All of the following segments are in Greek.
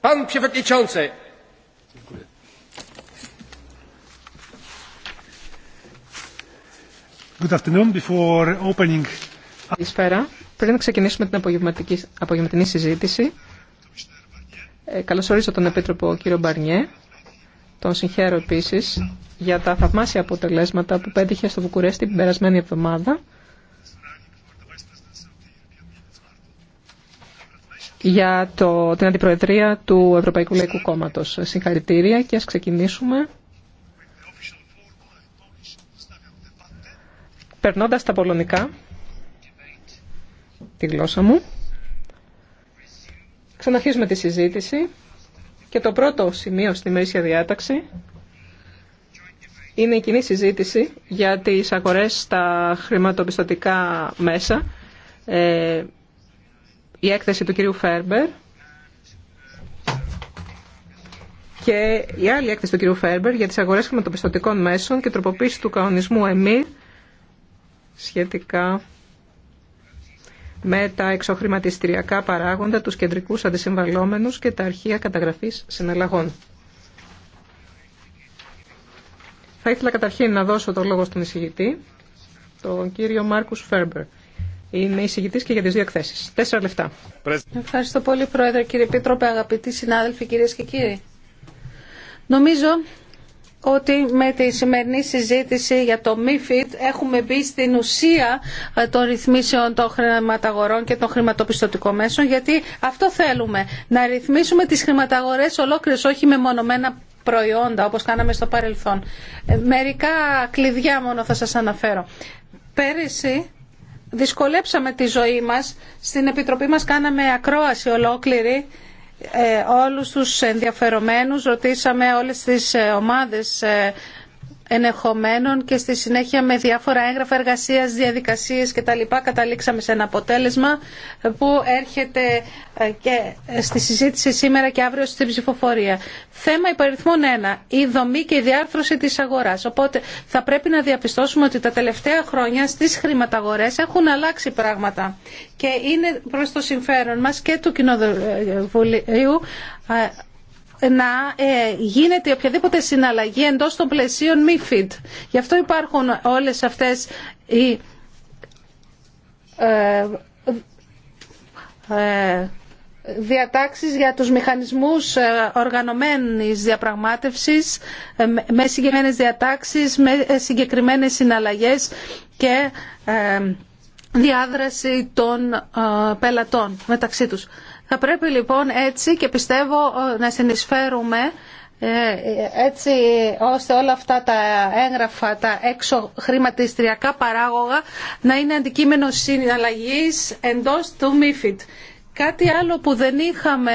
Καλησπέρα. Πριν ξεκινήσουμε την απογευματινή συζήτηση, ε, καλωσορίζω τον Επίτροπο κύριο Μπαρνιέ. Τον συγχαίρω επίσης για τα θαυμάσια αποτελέσματα που πέτυχε στο Βουκουρέστι την περασμένη εβδομάδα. για το, την Αντιπροεδρία του Ευρωπαϊκού Λαϊκού Κόμματος. Συγχαρητήρια και ας ξεκινήσουμε. Περνώντας τα πολωνικά, τη γλώσσα μου, ξαναρχίζουμε τη συζήτηση και το πρώτο σημείο στη μερίσια διάταξη είναι η κοινή συζήτηση για τις αγορές στα χρηματοπιστωτικά μέσα ε, η έκθεση του κυρίου Φέρμπερ και η άλλη έκθεση του κυρίου Φέρμπερ για τις αγορές χρηματοπιστωτικών μέσων και τροποποίηση του κανονισμού ΕΜΗ σχετικά με τα εξοχρηματιστηριακά παράγοντα, τους κεντρικούς αντισυμβαλόμενους και τα αρχεία καταγραφής συναλλαγών. Θα ήθελα καταρχήν να δώσω το λόγο στον εισηγητή, τον κύριο Μάρκους Φέρμπερ. Είμαι εισηγητή και για τι δύο εκθέσει. Τέσσερα λεφτά. Ευχαριστώ πολύ, Πρόεδρε, κύριε Πίτροπε, αγαπητοί συνάδελφοι, κυρίε και κύριοι. Νομίζω ότι με τη σημερινή συζήτηση για το MIFID έχουμε μπει στην ουσία ε, των ρυθμίσεων των χρηματαγορών και των χρηματοπιστωτικών μέσων γιατί αυτό θέλουμε, να ρυθμίσουμε τις χρηματαγορές ολόκληρες, όχι με μονομένα προϊόντα όπως κάναμε στο παρελθόν. Ε, μερικά κλειδιά μόνο θα σας αναφέρω. Πέρυσι δυσκολέψαμε τη ζωή μας. Στην Επιτροπή μας κάναμε ακρόαση ολόκληρη ε, όλους τους ενδιαφερομένους, ρωτήσαμε όλες τις ε, ομάδες ε, ενεχομένων και στη συνέχεια με διάφορα έγγραφα εργασίας, διαδικασίες και τα λοιπά καταλήξαμε σε ένα αποτέλεσμα που έρχεται ε, και στη συζήτηση σήμερα και αύριο στην ψηφοφορία. Θέμα υπαριθμών 1. Η δομή και η διάρθρωση της αγοράς. Οπότε θα πρέπει να διαπιστώσουμε ότι τα τελευταία χρόνια στις χρηματαγορές έχουν αλλάξει πράγματα και είναι προς το συμφέρον μας και του Κοινοβουλίου ε, να ε, γίνεται οποιαδήποτε συναλλαγή εντός των πλαισίων MIFID. Γι' αυτό υπάρχουν όλες αυτές οι ε, ε διατάξεις για τους μηχανισμούς ε, οργανωμένης διαπραγμάτευσης με συγκεκριμένες διατάξεις, με συγκεκριμένες συναλλαγές και διάδραση των πελατών μεταξύ τους. Θα πρέπει λοιπόν έτσι και πιστεύω ε, να συνεισφέρουμε ε, έτσι ώστε όλα αυτά τα έγγραφα, τα έξω χρηματιστριακά παράγωγα να είναι αντικείμενο συναλλαγής εντός του MIFID. Κάτι άλλο που δεν είχαμε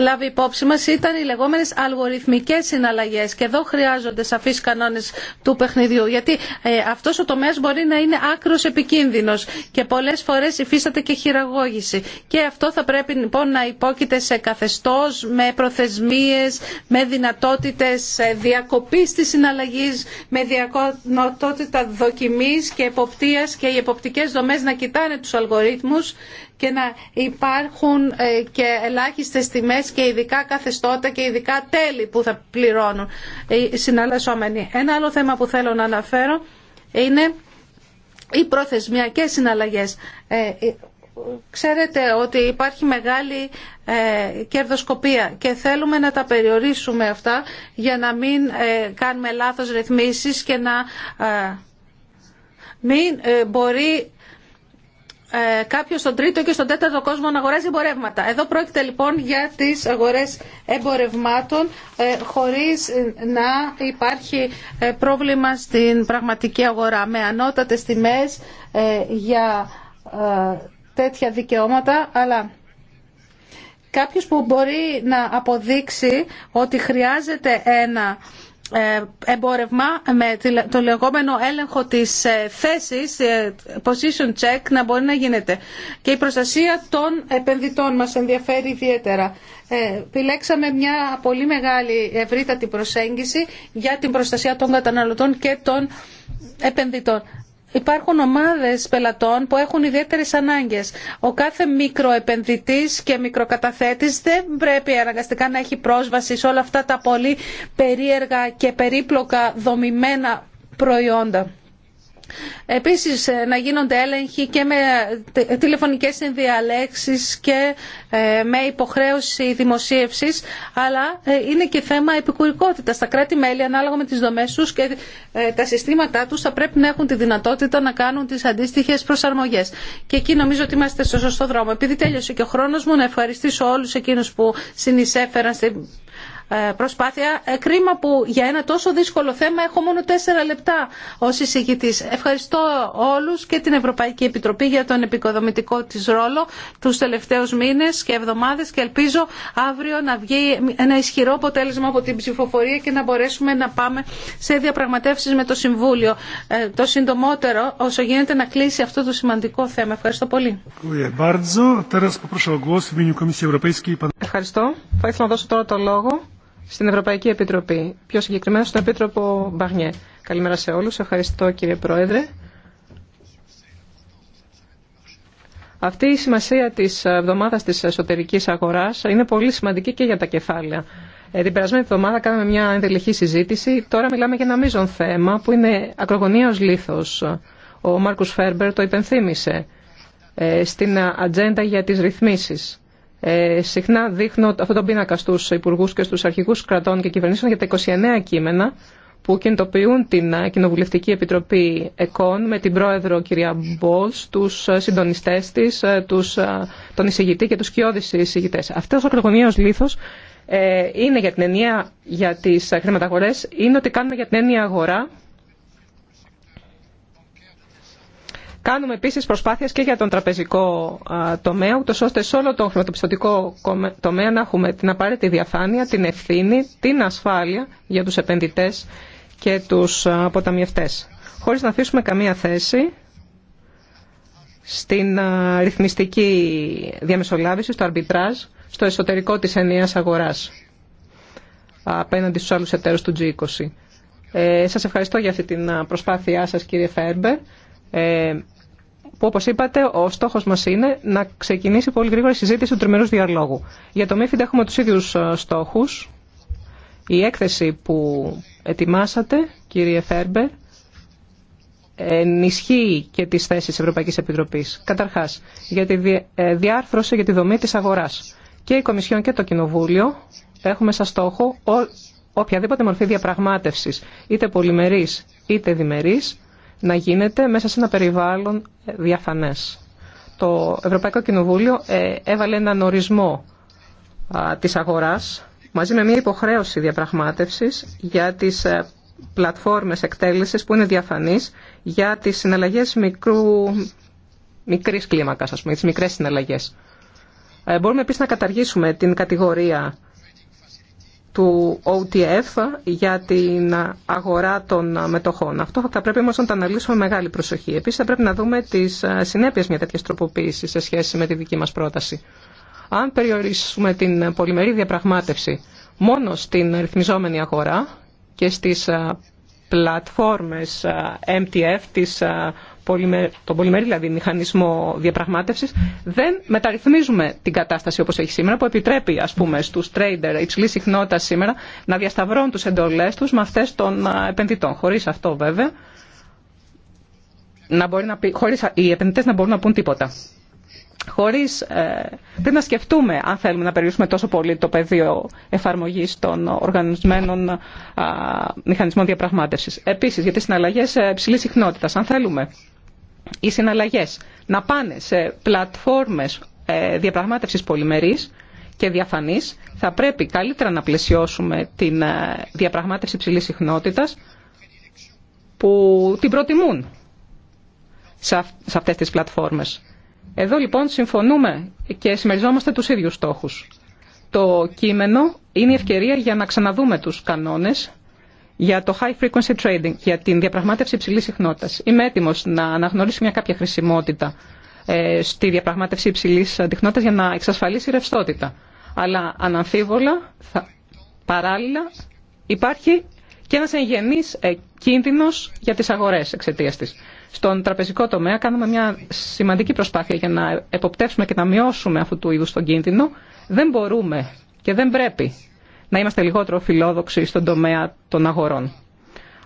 λάβει υπόψη μας ήταν οι λεγόμενες αλγοριθμικές συναλλαγές και εδώ χρειάζονται σαφείς κανόνες του παιχνιδιού γιατί ε, αυτός ο τομέας μπορεί να είναι άκρος επικίνδυνος και πολλές φορές υφίσταται και χειραγώγηση και αυτό θα πρέπει λοιπόν να υπόκειται σε καθεστώς με προθεσμίες, με δυνατότητες ε, διακοπής της συναλλαγής, με δυνατότητα δοκιμής και εποπτείας και οι εποπτικές δομές να κοιτάνε τους αλγορίθμους και να υπάρχουν ε, και ελάχιστες τιμές και ειδικά καθεστώτα και ειδικά τέλη που θα πληρώνουν οι συναλλασσόμενοι. Ένα άλλο θέμα που θέλω να αναφέρω είναι οι προθεσμιακές συναλλαγές. Ε, ε, ξέρετε ότι υπάρχει μεγάλη κερδοσκοπία και θέλουμε να τα περιορίσουμε αυτά για να μην κάνουμε λάθος ρυθμίσεις και να μην μπορεί ε, κάποιος στον τρίτο και στον τέταρτο κόσμο να αγοράζει εμπορεύματα. Εδώ πρόκειται λοιπόν για τις αγορές εμπορευμάτων ε, χωρίς να υπάρχει ε, πρόβλημα στην πραγματική αγορά με ανώτατες τιμές ε, για ε, τέτοια δικαιώματα, αλλά κάποιος που μπορεί να αποδείξει ότι χρειάζεται ένα ε, εμπόρευμα με το λεγόμενο έλεγχο της ε, θέσης, ε, position check, να μπορεί να γίνεται. Και η προστασία των επενδυτών μας ενδιαφέρει ιδιαίτερα. Επιλέξαμε μια πολύ μεγάλη ευρύτατη προσέγγιση για την προστασία των καταναλωτών και των επενδυτών. Υπάρχουν ομάδες πελατών που έχουν ιδιαίτερες ανάγκες. Ο κάθε μικροεπενδυτής και μικροκαταθέτης δεν πρέπει αναγκαστικά να έχει πρόσβαση σε όλα αυτά τα πολύ περίεργα και περίπλοκα δομημένα προϊόντα. Επίσης ε, να γίνονται έλεγχοι και με τηλεφωνικές συνδιαλέξεις και ε, με υποχρέωση δημοσίευσης, αλλά ε, είναι και θέμα επικουρικότητας. Τα κράτη-μέλη ανάλογα με τις δομές τους και τα συστήματά τους θα πρέπει να έχουν τη δυνατότητα να κάνουν τις αντίστοιχες προσαρμογές. Και εκεί νομίζω ότι είμαστε στο σωστό δρόμο. Επειδή τέλειωσε και ο χρόνος μου, να ευχαριστήσω όλους εκείνους που συνεισέφεραν στην ε, προσπάθεια. Ε, κρίμα που για ένα τόσο δύσκολο θέμα έχω μόνο τέσσερα λεπτά ω εισηγητή. Ευχαριστώ όλου και την Ευρωπαϊκή Επιτροπή για τον επικοδομητικό τη ρόλο του τελευταίου μήνε και εβδομάδε και ελπίζω αύριο να βγει ένα ισχυρό αποτέλεσμα από την ψηφοφορία και να μπορέσουμε να πάμε σε διαπραγματεύσει με το Συμβούλιο. Ε, το συντομότερο όσο γίνεται να κλείσει αυτό το σημαντικό θέμα. Ευχαριστώ πολύ. Ευχαριστώ. Θα ήθελα να δώσω τώρα το λόγο στην Ευρωπαϊκή Επιτροπή, πιο συγκεκριμένα στον Επίτροπο Μπαγνιέ. Καλημέρα σε όλους. Ευχαριστώ κύριε Πρόεδρε. Αυτή η σημασία της εβδομάδας της εσωτερικής αγοράς είναι πολύ σημαντική και για τα κεφάλαια. Ε, την περασμένη εβδομάδα κάναμε μια ενδελεχή συζήτηση. Τώρα μιλάμε για ένα μείζον θέμα που είναι ακρογωνίως λήθος. Ο Μάρκους Φέρμπερ το υπενθύμησε ε, στην ατζέντα για τις ρυθμίσεις. Ε, συχνά δείχνω αυτό τον πίνακα στου Υπουργού και στου αρχηγούς κρατών και κυβερνήσεων για τα 29 κείμενα που κινητοποιούν την ε, Κοινοβουλευτική Επιτροπή ΕΚΟΝ με την πρόεδρο κυρία Μπόλς, τους ε, συντονιστές της, ε, τον εισηγητή και του κοιόδη εισηγητέ. Αυτός ο λίθο ε, είναι για την ενία για τις χρηματαγορές, είναι ότι κάνουμε για την ενιαία αγορά Κάνουμε επίσης προσπάθειες και για τον τραπεζικό τομέα, ούτως ώστε σε όλο το χρηματοπιστωτικό τομέα να έχουμε την απαραίτητη διαφάνεια, την ευθύνη, την ασφάλεια για τους επενδυτές και τους αποταμιευτές. Χωρίς να αφήσουμε καμία θέση στην ρυθμιστική διαμεσολάβηση, στο αρμπιτράζ, στο εσωτερικό της ενιαίας αγοράς απέναντι στους άλλους εταίρους του G20. Ε, σας ευχαριστώ για αυτή την προσπάθειά σας κύριε Φέρμπερ. Ε, που όπως είπατε ο στόχος μας είναι να ξεκινήσει πολύ γρήγορα η συζήτηση του τριμερούς διαλόγου. Για το ΜΕΦΙΝΤ έχουμε τους ίδιους ε, στόχους. Η έκθεση που ετοιμάσατε, κύριε Φέρμπερ, ενισχύει και τις θέσεις της Ευρωπαϊκής Επιτροπής. Καταρχάς, για τη ε, διάρθρωση για τη δομή της αγοράς. Και η Κομισιόν και το Κοινοβούλιο έχουμε σαν στόχο οποιαδήποτε μορφή διαπραγμάτευσης, είτε πολυμερής είτε διμερής, να γίνεται μέσα σε ένα περιβάλλον ε, διαφανές. Το Ευρωπαϊκό Κοινοβούλιο ε, έβαλε έναν ορισμό της αγοράς μαζί με μια υποχρέωση διαπραγμάτευσης για τις ε, πλατφόρμες εκτέλεσης που είναι διαφανείς για τις συναλλαγές μικρού, μικρής κλίμακας, πούμε, τις μικρές συναλλαγές. μπορούμε επίσης να καταργήσουμε την κατηγορία του OTF για την αγορά των μετοχών. Αυτό θα πρέπει όμως να το αναλύσουμε με μεγάλη προσοχή. Επίσης θα πρέπει να δούμε τις συνέπειες μια τέτοια τροποποίηση σε σχέση με τη δική μας πρόταση. Αν περιορίσουμε την πολυμερή διαπραγμάτευση μόνο στην ρυθμιζόμενη αγορά και στις πλατφόρμες MTF, τις τον πολυμερή δηλαδή μηχανισμό διαπραγματεύση, δεν μεταρρυθμίζουμε την κατάσταση όπω έχει σήμερα, που επιτρέπει ας πούμε στου τρέιντερ υψηλή συχνότητα σήμερα να διασταυρώνουν τους εντολέ του με αυτέ των επενδυτών. Χωρί αυτό βέβαια, να να χωρίς οι επενδυτέ να μπορούν να πούν τίποτα. Χωρίς, ε, πρέπει να σκεφτούμε αν θέλουμε να περιορίσουμε τόσο πολύ το πεδίο εφαρμογή των οργανισμένων α, μηχανισμών διαπραγμάτευσης. Επίση, για τι συναλλαγέ ε, υψηλή συχνότητα. αν θέλουμε οι συναλλαγές να πάνε σε πλατφόρμες ε, διαπραγμάτευσης πολυμερής και διαφανής, θα πρέπει καλύτερα να πλαισιώσουμε την ε, διαπραγμάτευση ψηλής συχνότητας που την προτιμούν σε αυτές τις πλατφόρμες. Εδώ λοιπόν συμφωνούμε και συμμεριζόμαστε τους ίδιους στόχους. Το κείμενο είναι η ευκαιρία για να ξαναδούμε τους κανόνες για το high frequency trading, για την διαπραγμάτευση υψηλής συχνότητας. Είμαι έτοιμος να αναγνωρίσω μια κάποια χρησιμότητα ε, στη διαπραγμάτευση υψηλής συχνότητας για να εξασφαλίσει ρευστότητα. Αλλά αναμφίβολα, θα, παράλληλα, υπάρχει και ένας εγγενής ε, κίνδυνος για τις αγορές εξαιτία της. Στον τραπεζικό τομέα κάνουμε μια σημαντική προσπάθεια για να εποπτεύσουμε και να μειώσουμε αυτού του είδους τον κίνδυνο. Δεν μπορούμε και δεν πρέπει να είμαστε λιγότερο φιλόδοξοι στον τομέα των αγορών.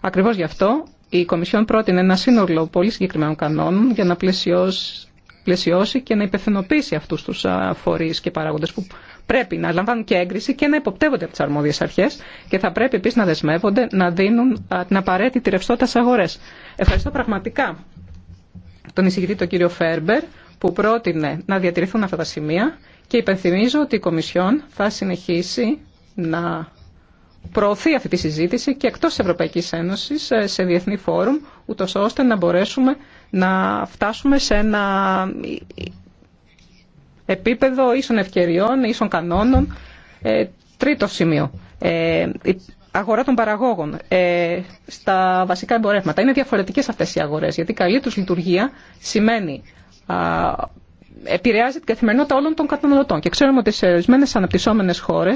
Ακριβώς γι' αυτό η Κομισιόν πρότεινε ένα σύνολο πολύ συγκεκριμένων κανόνων για να πλαισιώσει, πλαισιώσει και να υπευθυνοποιήσει αυτούς τους φορείς και παράγοντες που πρέπει να λαμβάνουν και έγκριση και να υποπτεύονται από τις αρμόδιες αρχές και θα πρέπει επίσης να δεσμεύονται να δίνουν την απαραίτητη ρευστότητα στις αγορές. Ευχαριστώ πραγματικά τον εισηγητή τον κύριο Φέρμπερ που πρότεινε να διατηρηθούν αυτά τα σημεία και υπενθυμίζω ότι η Κομισιόν θα συνεχίσει να προωθεί αυτή τη συζήτηση και εκτός της Ευρωπαϊκής Ένωσης ε, σε διεθνή φόρουμ, ούτω ώστε να μπορέσουμε να φτάσουμε σε ένα επίπεδο ίσων ευκαιριών, ίσων κανόνων. Ε, τρίτο σημείο, ε, η αγορά των παραγόγων στα βασικά εμπορεύματα. Είναι διαφορετικές αυτές οι αγορές, γιατί καλή τους λειτουργία σημαίνει επηρεάζει την καθημερινότητα όλων των καταναλωτών. Και ξέρουμε ότι σε ορισμένε αναπτυσσόμενε χώρε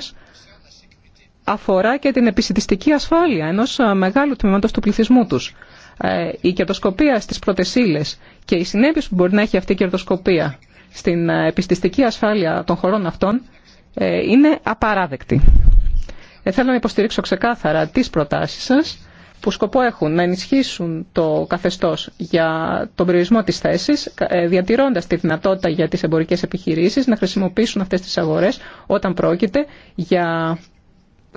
αφορά και την επισητιστική ασφάλεια ενός ε, μεγάλου τμήματος του πληθυσμού τους. Ε, η κερδοσκοπία στις πρώτες και οι συνέπειες που μπορεί να έχει αυτή η κερδοσκοπία στην ε, επιστηστική ασφάλεια των χωρών αυτών είναι απαράδεκτη. Θέλω να υποστηρίξω ξεκάθαρα τις προτάσεις σας που σκοπό έχουν να ενισχύσουν το καθεστώς για τον περιορισμό της θέσης, διατηρώντας τη δυνατότητα για τις εμπορικές επιχειρήσεις να χρησιμοποιήσουν αυτές τις αγορές όταν πρόκειται για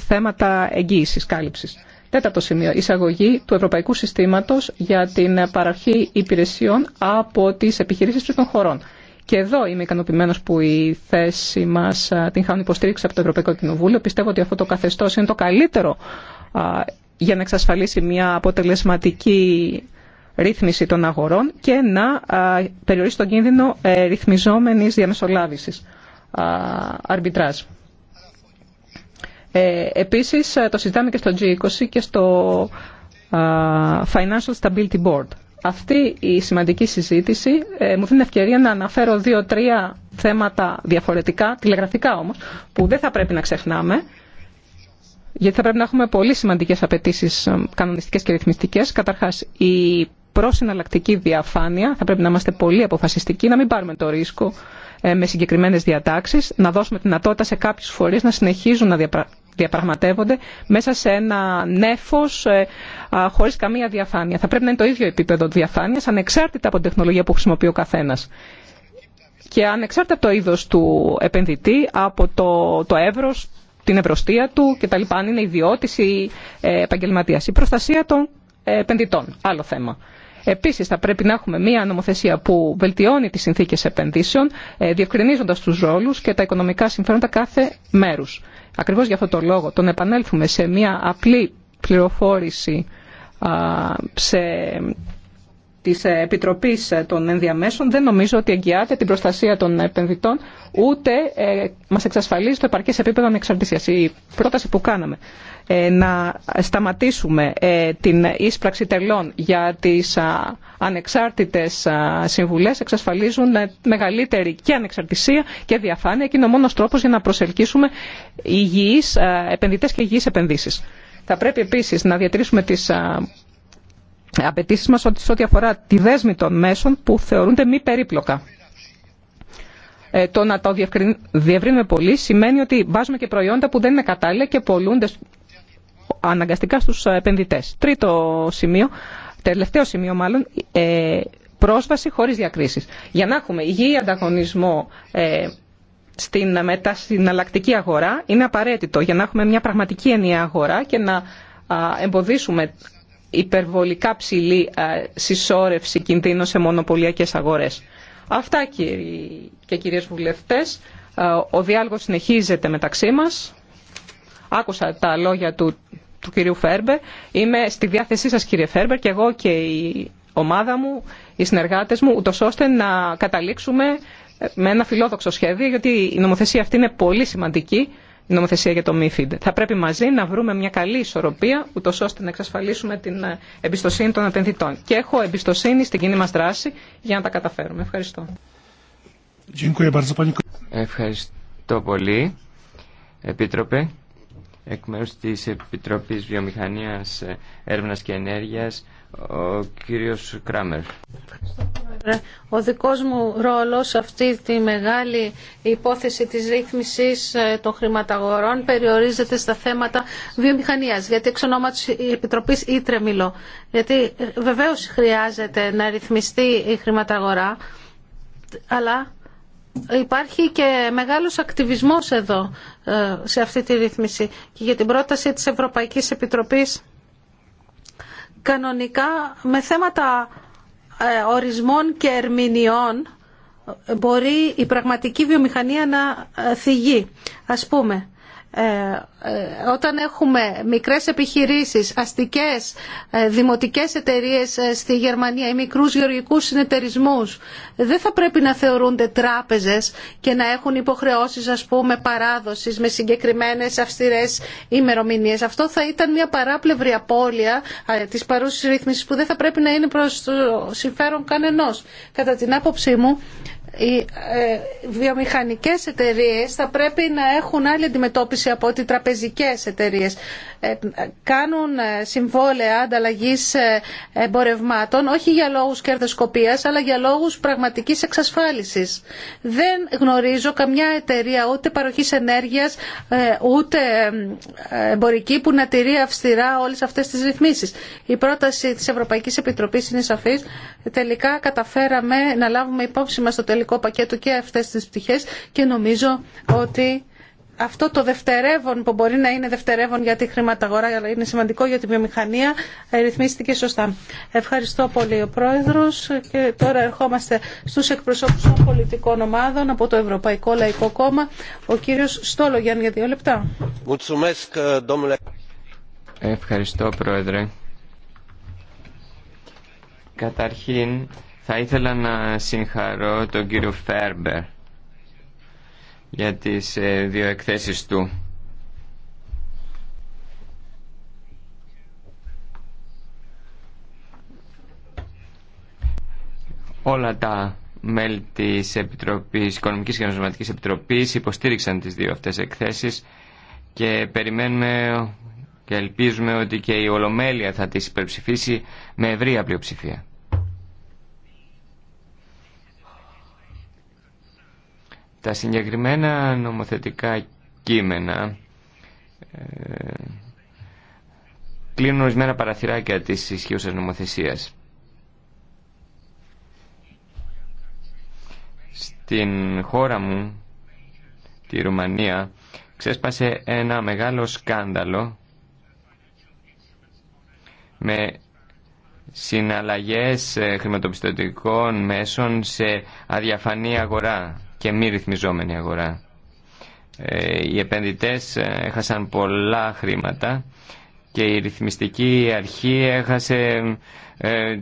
θέματα εγγύησης, κάλυψης. Τέταρτο σημείο, εισαγωγή του Ευρωπαϊκού Συστήματος για την παραρχή υπηρεσιών από τις επιχειρήσεις τρίτων χωρών. Και εδώ είμαι ικανοποιημένο που η θέση μα την χάνει υποστήριξη από το Ευρωπαϊκό Κοινοβούλιο. Πιστεύω ότι αυτό το καθεστώ είναι το καλύτερο για να εξασφαλίσει μια αποτελεσματική ρύθμιση των αγορών και να περιορίσει τον κίνδυνο ε, ρυθμιζόμενης διαμεσολάβησης, αρμπιτράζ. Ε, επίσης ε, το συζητάμε και στο G20 και στο Financial Stability Board. Αυτή η σημαντική συζήτηση ε, μου δίνει ευκαιρία να αναφέρω δύο-τρία θέματα διαφορετικά, τηλεγραφικά όμως, που δεν θα πρέπει να ξεχνάμε, γιατί θα πρέπει να έχουμε πολύ σημαντικές απαιτήσεις κανονιστικές και ρυθμιστικές. Καταρχάς, η προσυναλλακτική διαφάνεια, θα πρέπει να είμαστε πολύ αποφασιστικοί, να μην πάρουμε το ρίσκο ε, με συγκεκριμένες διατάξεις, να δώσουμε τη δυνατότητα σε κάποιου φορείς να συνεχίζουν να διαπραγματεύονται μέσα σε ένα νέφος ε, χωρίς καμία διαφάνεια. Θα πρέπει να είναι το ίδιο επίπεδο διαφάνειας, ανεξάρτητα από την τεχνολογία που χρησιμοποιεί ο καθένας και ανεξάρτητα από το είδος του επενδυτή, από το, το εύρος, την ευρωστία του κτλ. Αν είναι ιδιώτης ε, Η προστασία των επενδυτών, άλλο θέμα. Επίσης θα πρέπει να έχουμε μια νομοθεσία που βελτιώνει τις συνθήκες επενδύσεων, ε, διευκρινίζοντας τους ρόλους και τα οικονομικά συμφέροντα κάθε μέρους. Ακριβώς για αυτό το λόγο τον επανέλθουμε σε μια απλή πληροφόρηση σε της Επιτροπής των Ενδιαμέσων δεν νομίζω ότι εγγυάται την προστασία των επενδυτών ούτε ε, μας εξασφαλίζει το επαρκές επίπεδο ανεξαρτησίας. Η πρόταση που κάναμε ε, να σταματήσουμε ε, την ίσπραξη τελών για τις ανεξάρτητες συμβουλές εξασφαλίζουν μεγαλύτερη και ανεξαρτησία και διαφάνεια και είναι ο μόνος τρόπος για να προσελκύσουμε υγιείς επενδυτές και υγιείς επενδύσεις. Θα πρέπει επίσης να διατηρήσουμε τις απαιτήσει μας σε ό,τι αφορά τη δέσμη των μέσων που θεωρούνται μη περίπλοκα. Ε, το να το διευρύνουμε πολύ σημαίνει ότι βάζουμε και προϊόντα που δεν είναι κατάλληλα και πολλούνται αναγκαστικά στους ε, επενδυτές. Τρίτο σημείο, τελευταίο σημείο μάλλον, ε, πρόσβαση χωρίς διακρίσεις. Για να έχουμε υγιή ανταγωνισμό ε, στην μετασυναλλακτική αγορά είναι απαραίτητο για να έχουμε μια πραγματική ενιαία αγορά και να εμποδίσουμε υπερβολικά ψηλή ε, συσσόρευση κινδύνων σε μονοπωλιακές αγορές. Αυτά κύριοι και κυρίες βουλευτές. Ε, ο διάλογος συνεχίζεται μεταξύ μας. Άκουσα τα λόγια του, του κυρίου Φέρμπερ. Είμαι στη διάθεσή σας κύριε Φέρμπερ και εγώ και η ομάδα μου, οι συνεργάτες μου, ούτως ώστε να καταλήξουμε με ένα φιλόδοξο σχέδιο, γιατί η νομοθεσία αυτή είναι πολύ σημαντική νομοθεσία για το MIFID. Θα πρέπει μαζί να βρούμε μια καλή ισορροπία, ούτω ώστε να εξασφαλίσουμε την ε, εμπιστοσύνη των επενδυτών. Και έχω εμπιστοσύνη στην κοινή μα δράση για να τα καταφέρουμε. Ευχαριστώ. Ευχαριστώ πολύ, Επίτροπε. Εκ μέρου τη Επιτροπής Βιομηχανίας, Έρευνα και ενέργεια. Ο κύριος Κράμερ. Ο δικός μου ρόλος σε αυτή τη μεγάλη υπόθεση της ρύθμισης ε, των χρηματαγορών περιορίζεται στα θέματα βιομηχανίας, γιατί εξ ονόματος η Επιτροπής Ήτρε μιλώ. Γιατί ε, βεβαίως χρειάζεται να ρυθμιστεί η χρηματαγορά, αλλά υπάρχει και μεγάλος ακτιβισμός εδώ, ε, σε αυτή τη ρύθμιση. Και για την πρόταση της Ευρωπαϊκής Επιτροπής κανονικά με θέματα ε, ορισμών και ερμηνεών μπορεί η πραγματική βιομηχανία να ε, θυγεί. Ας πούμε, ε, ε, όταν έχουμε μικρές επιχειρήσεις, αστικές, ε, δημοτικές εταιρείες στη Γερμανία ή μικρούς γεωργικούς συνεταιρισμούς, δεν θα πρέπει να θεωρούνται τράπεζες και να έχουν υποχρεώσεις ας πούμε παράδοσης με συγκεκριμένες αυστηρές ημερομηνίες. Αυτό θα ήταν μια παράπλευρη απώλεια της παρούσης ρύθμισης που δεν θα πρέπει να είναι προς το συμφέρον κανενός. Κατά την άποψή μου οι ε, βιομηχανικές εταιρείες θα πρέπει να έχουν άλλη αντιμετώπιση από ότι τραπεζικές εταιρείες ε, κάνουν ε, συμβόλαια ανταλλαγής εμπορευμάτων όχι για λόγους κερδοσκοπίας αλλά για λόγους πραγματικής εξασφάλισης. Δεν γνωρίζω καμιά εταιρεία ούτε παροχής ενέργειας ούτε εμπορική που να τηρεί αυστηρά όλες αυτές τις ρυθμίσεις. Η πρόταση της Ευρωπαϊκής Επιτροπής είναι σαφής. Τελικά καταφέραμε να λάβουμε υπόψη μας το τελικό νομοθετικό πακέτο και αυτές τις πτυχές και νομίζω ότι αυτό το δευτερεύον που μπορεί να είναι δευτερεύον για τη χρηματαγορά αλλά είναι σημαντικό για τη βιομηχανία ρυθμίστηκε σωστά. Ευχαριστώ πολύ ο Πρόεδρος και τώρα ερχόμαστε στους εκπροσώπους των πολιτικών ομάδων από το Ευρωπαϊκό Λαϊκό Κόμμα ο κύριος Στόλογιαν για δύο λεπτά. Ευχαριστώ Πρόεδρε. Καταρχήν θα ήθελα να συγχαρώ τον κύριο Φέρμπερ για τις ε, δύο εκθέσεις του. Όλα τα μέλη της Επιτροπής, Οικονομικής και Νομισματικής Επιτροπής υποστήριξαν τις δύο αυτές εκθέσεις και περιμένουμε και ελπίζουμε ότι και η Ολομέλεια θα τις υπερψηφίσει με ευρία πλειοψηφία. Τα συγκεκριμένα νομοθετικά κείμενα ε, κλείνουν ορισμένα παραθυράκια της ισχύουσας νομοθεσίας. Στην χώρα μου, τη Ρουμανία, ξέσπασε ένα μεγάλο σκάνδαλο με συναλλαγές ε, χρηματοπιστωτικών μέσων σε αδιαφανή αγορά και μη ρυθμιζόμενη αγορά. Ε, οι επενδυτές ε, έχασαν πολλά χρήματα και η ρυθμιστική αρχή έχασε ε,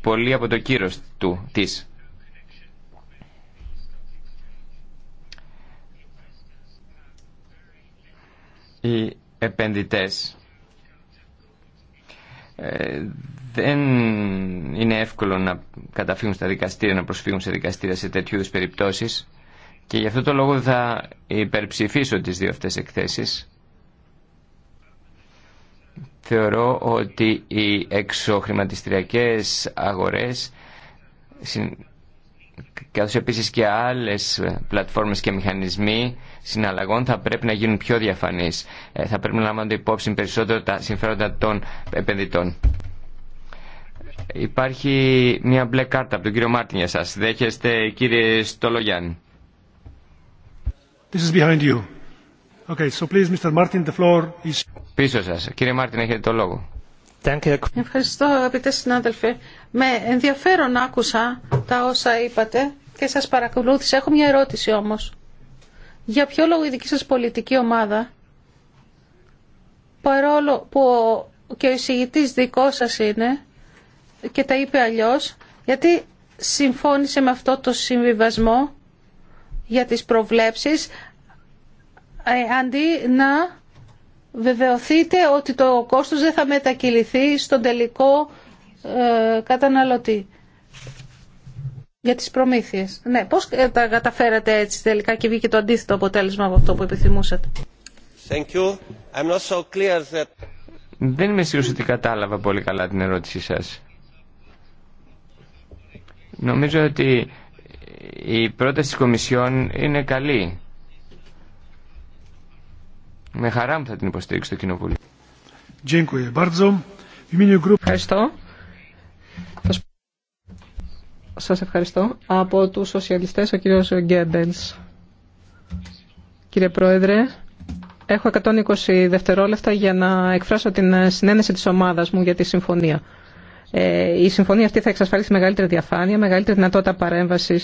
πολύ από το κύρος του, της. Οι επενδυτές δεν είναι εύκολο να καταφύγουν στα δικαστήρια, να προσφύγουν σε δικαστήρια σε τέτοιου είδου περιπτώσει. Και γι' αυτό το λόγο θα υπερψηφίσω τις δύο αυτές εκθέσεις. Θεωρώ ότι οι εξωχρηματιστηριακές αγορές, καθώς επίσης και άλλες πλατφόρμες και μηχανισμοί συναλλαγών θα πρέπει να γίνουν πιο διαφανείς. Ε, θα πρέπει να λαμβάνονται υπόψη περισσότερο τα συμφέροντα των επενδυτών. Υπάρχει μια μπλε κάρτα από τον κύριο Μάρτιν για σας. Δέχεστε κύριε Στολογιάννη. This is behind you. Okay, so please, Mr. Martin, the floor is... Πίσω σας. Κύριε Μάρτιν, έχετε το λόγο. Ευχαριστώ αγαπητέ συνάδελφε. Με ενδιαφέρον άκουσα τα όσα είπατε και σας παρακολούθησα. Έχω μια ερώτηση όμως. Για ποιο λόγο η δική σας πολιτική ομάδα, παρόλο που και ο εισηγητής δικό σας είναι, και τα είπε αλλιώς, γιατί συμφώνησε με αυτό το συμβιβασμό για τις προβλέψεις, ε, αντί να βεβαιωθείτε ότι το κόστος δεν θα μετακυληθεί στον τελικό ε, καταναλωτή για τις προμήθειες. Ναι, πώς ε, τα καταφέρατε έτσι τελικά και βγήκε το αντίθετο αποτέλεσμα από αυτό που επιθυμούσατε. Thank you. I'm not so clear that... Δεν είμαι σίγουρος ότι κατάλαβα πολύ καλά την ερώτησή σας. Νομίζω ότι η πρόταση της Κομισιόν είναι καλή. Με χαρά μου θα την υποστήριξω το Κοινοβούλιο. Ευχαριστώ. Σας ευχαριστώ. Από τους σοσιαλιστές ο κύριος Γκέμπελς. Κύριε Πρόεδρε, έχω 120 δευτερόλεπτα για να εκφράσω την συνένεση της ομάδας μου για τη συμφωνία. Ε, η συμφωνία αυτή θα εξασφαλίσει μεγαλύτερη διαφάνεια, μεγαλύτερη δυνατότητα παρέμβαση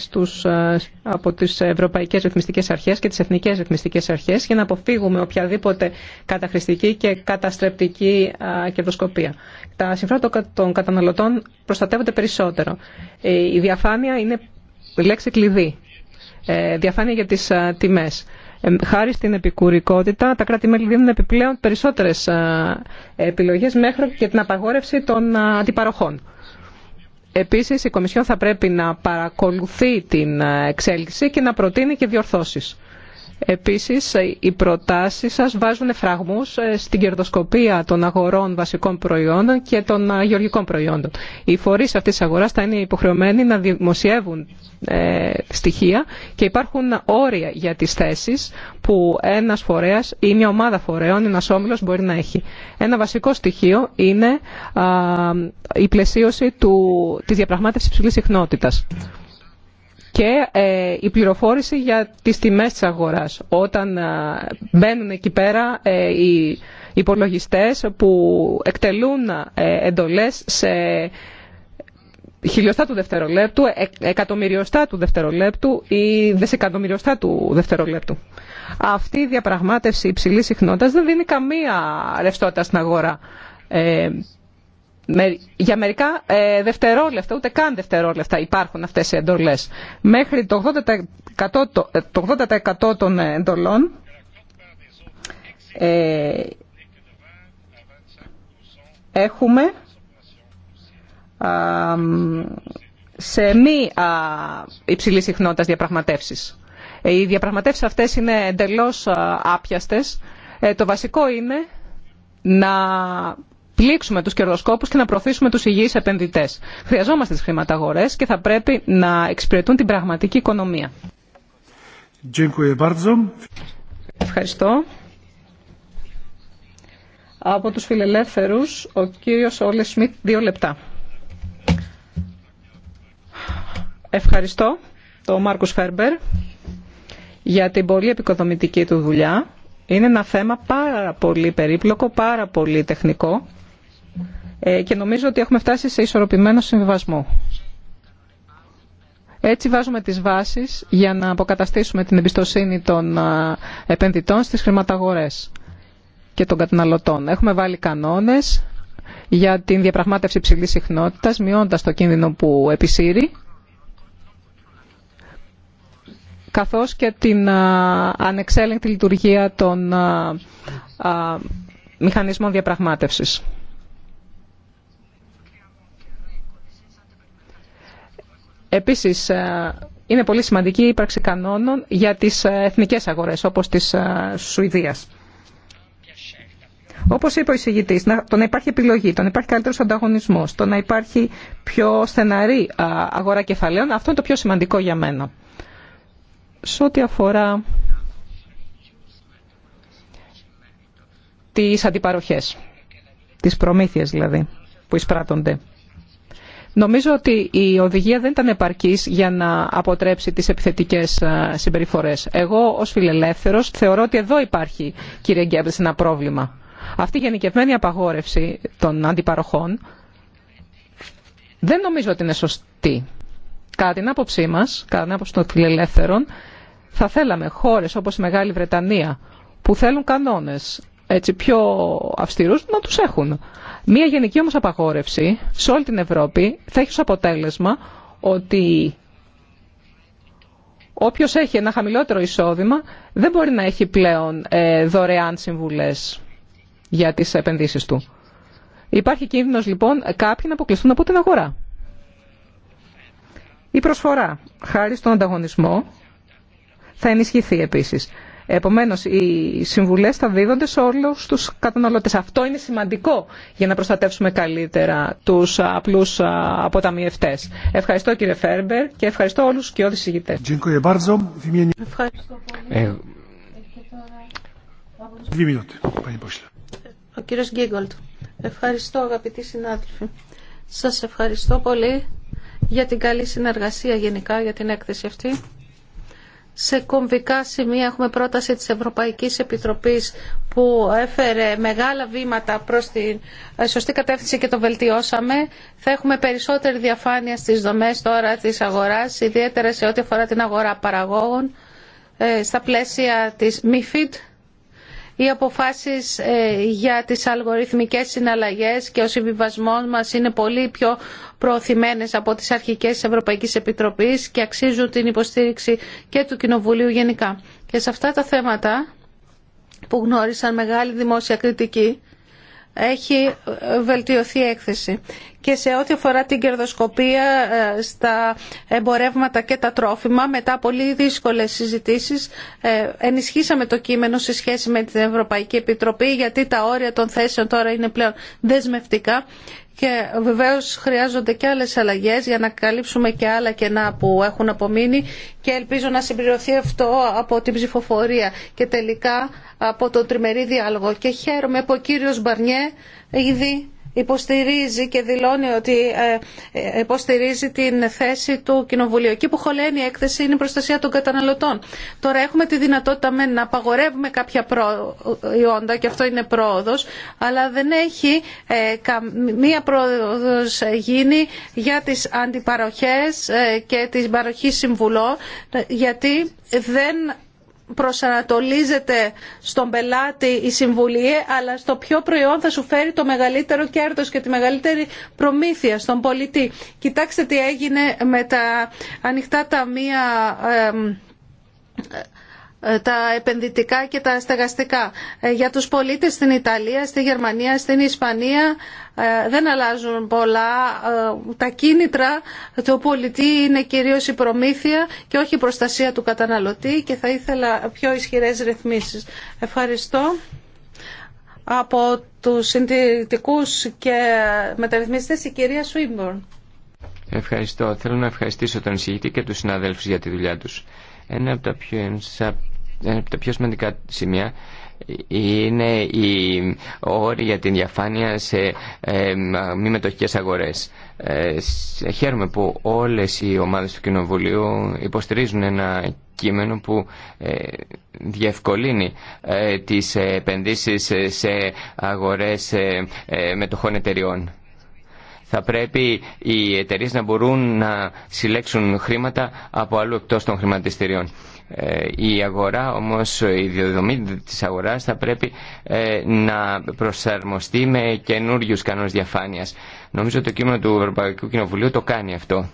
ε, από τι ευρωπαϊκέ ρυθμιστικέ αρχέ και τι εθνικέ ρυθμιστικέ αρχέ για να αποφύγουμε οποιαδήποτε καταχρηστική και καταστρεπτική κερδοσκοπία. Τα συμφέροντα των καταναλωτών προστατεύονται περισσότερο. Ε, η διαφάνεια είναι λέξη κλειδί. Διαφάνεια για τις τιμές χάρη στην επικουρικότητα, τα κράτη-μέλη δίνουν επιπλέον περισσότερες επιλογές μέχρι και την απαγόρευση των αντιπαροχών. Επίσης, η Κομισιόν θα πρέπει να παρακολουθεί την εξέλιξη και να προτείνει και διορθώσεις. Επίσης, οι προτάσεις σας βάζουν φραγμούς ε, στην κερδοσκοπία των αγορών βασικών προϊόντων και των ε, γεωργικών προϊόντων. Οι φορείς αυτής της αγοράς θα είναι υποχρεωμένοι να δημοσιεύουν ε, στοιχεία και υπάρχουν όρια για τις θέσεις που ένας φορέας ή μια ομάδα φορέων, ένας όμιλος μπορεί να έχει. Ένα βασικό στοιχείο είναι η πλαισίωση του, της διαπραγμάτευσης υψηλής συχνότητας και ε, η πληροφόρηση για τις τιμές της αγοράς. Όταν ε, μπαίνουν εκεί πέρα ε, οι υπολογιστές που εκτελούν εντολές σε χιλιοστά του δευτερολέπτου, εκατομμυριοστά του δευτερολέπτου ή δισεκατομμυριοστά του δευτερολέπτου. Αυτή η διαπραγμάτευση υψηλής συχνότητας δεν δίνει καμία ρευστότητα στην αγορά για μερικά ε, δευτερόλεπτα, ούτε καν δευτερόλεπτα υπάρχουν αυτές οι εντολές. Μέχρι το 80%, το 80 ε, των εντολών ε, έχουμε α, σε μη α, υψηλή συχνότητα διαπραγματεύσεις. Οι διαπραγματεύσεις αυτές είναι εντελώς άπιαστες. το βασικό είναι να πλήξουμε του κερδοσκόπους και να προωθήσουμε του υγιεί επενδυτέ. Χρειαζόμαστε τις χρηματαγορές και θα πρέπει να εξυπηρετούν την πραγματική οικονομία. Ευχαριστώ. Από τους φιλελεύθερους, ο κύριος Όλε Σμιτ, δύο λεπτά. Ευχαριστώ τον Μάρκους Φέρμπερ για την πολύ επικοδομητική του δουλειά. Είναι ένα θέμα πάρα πολύ περίπλοκο, πάρα πολύ τεχνικό ε, και νομίζω ότι έχουμε φτάσει σε ισορροπημένο συμβιβασμό. Έτσι βάζουμε τις βάσεις για να αποκαταστήσουμε την εμπιστοσύνη των επενδυτών στις χρηματαγορές και των καταναλωτών. Έχουμε βάλει κανόνες για την διαπραγμάτευση ψηλή συχνότητας, μειώντας το κίνδυνο που επισύρει, καθώς και την ανεξέλεγκτη λειτουργία των μηχανισμών διαπραγμάτευσης. Επίσης, ε, είναι πολύ σημαντική η ύπαρξη κανόνων για τις ε, εθνικές αγορές, όπως της ε, Σουηδίας. Όπως είπε ο εισηγητής, το να υπάρχει επιλογή, το να υπάρχει καλύτερο ανταγωνισμός, το να υπάρχει πιο στεναρή αγορά κεφαλαίων, αυτό είναι το πιο σημαντικό για μένα. Σε ό,τι αφορά τις αντιπαροχέ, τις προμήθειες δηλαδή που εισπράττονται. Νομίζω ότι η οδηγία δεν ήταν επαρκή για να αποτρέψει τις επιθετικές ε, συμπεριφορές. Εγώ ως φιλελεύθερο, θεωρώ ότι εδώ υπάρχει, κύριε Γκέμπλς, ένα πρόβλημα. Αυτή η γενικευμένη απαγόρευση των αντιπαροχών δεν νομίζω ότι είναι σωστή. Κατά την άποψή μας, κατά την άποψη των φιλελεύθερων, θα θέλαμε χώρε, όπως η Μεγάλη Βρετανία που θέλουν κανόνε πιο αυστηρούς να τους έχουν. Μία γενική όμως απαγόρευση σε όλη την Ευρώπη θα έχει ως αποτέλεσμα ότι όποιος έχει ένα χαμηλότερο εισόδημα δεν μπορεί να έχει πλέον ε, δωρεάν συμβουλές για τις επενδύσεις του. Υπάρχει κίνδυνος λοιπόν κάποιοι να αποκλειστούν από την αγορά. Η προσφορά χάρη στον ανταγωνισμό θα ενισχυθεί επίσης. Επομένω, οι συμβουλέ θα δίδονται σε όλου του καταναλωτέ. Αυτό είναι σημαντικό για να προστατεύσουμε καλύτερα του απλού αποταμιευτέ. Ευχαριστώ κύριε Φέρμπερ και ευχαριστώ όλου τους κοιόδης ηγητέ. Ευχαριστώ πολύ. Ε, Ο κύριος Γκίγκολτ. Ευχαριστώ αγαπητοί συνάδελφοι. Σας ευχαριστώ πολύ για την καλή συνεργασία γενικά για την έκθεση αυτή σε κομβικά σημεία έχουμε πρόταση της Ευρωπαϊκής Επιτροπής που έφερε μεγάλα βήματα προς τη ε, σωστή κατεύθυνση και το βελτιώσαμε. Θα έχουμε περισσότερη διαφάνεια στις δομές τώρα της αγοράς, ιδιαίτερα σε ό,τι αφορά την αγορά παραγόγων, ε, στα πλαίσια της MIFID, οι αποφάσεις ε, για τις αλγοριθμικές συναλλαγές και ο συμβιβασμός μας είναι πολύ πιο προωθημένες από τις αρχικές Ευρωπαϊκή Ευρωπαϊκής και αξίζουν την υποστήριξη και του Κοινοβουλίου γενικά. Και σε αυτά τα θέματα που γνώρισαν μεγάλη δημόσια κριτική έχει βελτιωθεί η έκθεση και σε ό,τι αφορά την κερδοσκοπία ε, στα εμπορεύματα και τα τρόφιμα, μετά πολύ δύσκολες συζητήσεις, ε, ενισχύσαμε το κείμενο σε σχέση με την Ευρωπαϊκή Επιτροπή, γιατί τα όρια των θέσεων τώρα είναι πλέον δεσμευτικά και βεβαίως χρειάζονται και άλλες αλλαγές για να καλύψουμε και άλλα κενά που έχουν απομείνει και ελπίζω να συμπληρωθεί αυτό από την ψηφοφορία και τελικά από τον τριμερή διάλογο. Και χαίρομαι που ο κύριος Μπαρνιέ ήδη υποστηρίζει και δηλώνει ότι ε, ε, υποστηρίζει την θέση του Κοινοβουλίου. Εκεί που χωλαίνει η έκθεση είναι η προστασία των καταναλωτών. Τώρα έχουμε τη δυνατότητα με να απαγορεύουμε κάποια προϊόντα και αυτό είναι πρόοδος, αλλά δεν έχει ε, μία πρόοδος γίνει για τις αντιπαροχές και την παροχή συμβουλό γιατί δεν προσανατολίζεται στον πελάτη η συμβουλή, αλλά στο ποιο προϊόν θα σου φέρει το μεγαλύτερο κέρδος και τη μεγαλύτερη προμήθεια στον πολιτή. Κοιτάξτε τι έγινε με τα ανοιχτά ταμεία ε, τα επενδυτικά και τα στεγαστικά. Ε, για τους πολίτες στην Ιταλία, στη Γερμανία, στην Ισπανία ε, δεν αλλάζουν πολλά. Τα κίνητρα του πολιτή είναι κυρίως η προμήθεια και όχι η προστασία του καταναλωτή και θα ήθελα πιο ισχυρές ρυθμίσεις. Ευχαριστώ από τους συντηρητικούς και μεταρρυθμιστές η κυρία Σουίμπορν. Ευχαριστώ. Θέλω να ευχαριστήσω τον εισηγητή και τους συναδέλφους για τη δουλειά τους. Ένα από τα πιο, ένα από σημαντικά σημεία είναι η όρια για την διαφάνεια σε ε, μη μετοχικές αγορές. Ε, χαίρομαι που όλες οι ομάδες του Κοινοβουλίου υποστηρίζουν ένα κείμενο που ε, διευκολύνει ε, τις επενδύσεις σε αγορές ε, μετοχών εταιριών θα πρέπει οι εταιρείε να μπορούν να συλλέξουν χρήματα από αλλού εκτό των χρηματιστηρίων. Ε, η αγορά όμως, η διοδομή της αγοράς θα πρέπει ε, να προσαρμοστεί με καινούριου κανόνες διαφάνειας. Νομίζω ότι το κείμενο του Ευρωπαϊκού Κοινοβουλίου το κάνει αυτό.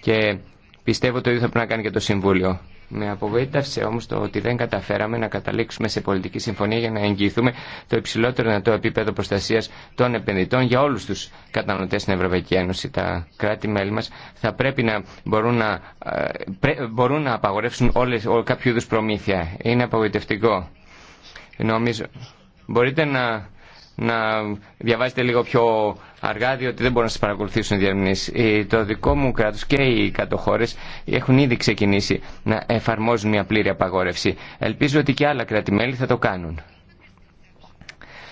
Και πιστεύω το ίδιο θα πρέπει να κάνει και το Συμβούλιο. Με απογοήτευσε όμω το ότι δεν καταφέραμε να καταλήξουμε σε πολιτική συμφωνία για να εγγυηθούμε το υψηλότερο δυνατό επίπεδο προστασίας των επενδυτών για όλους τους καταναλωτές στην Ευρωπαϊκή Ένωση. Τα κράτη-μέλη μας θα πρέπει να μπορούν να, ε, μπορούν να απαγορεύσουν όλες, κάποιο είδου προμήθεια. Είναι απογοητευτικό. Νομίζω, μπορείτε να να διαβάζετε λίγο πιο αργά διότι δεν μπορούν να σα παρακολουθήσουν οι διερμηνείς. Ε, το δικό μου κράτος και οι κατοχώρες έχουν ήδη ξεκινήσει να εφαρμόζουν μια πλήρη απαγόρευση. Ελπίζω ότι και άλλα κράτη-μέλη θα το κάνουν.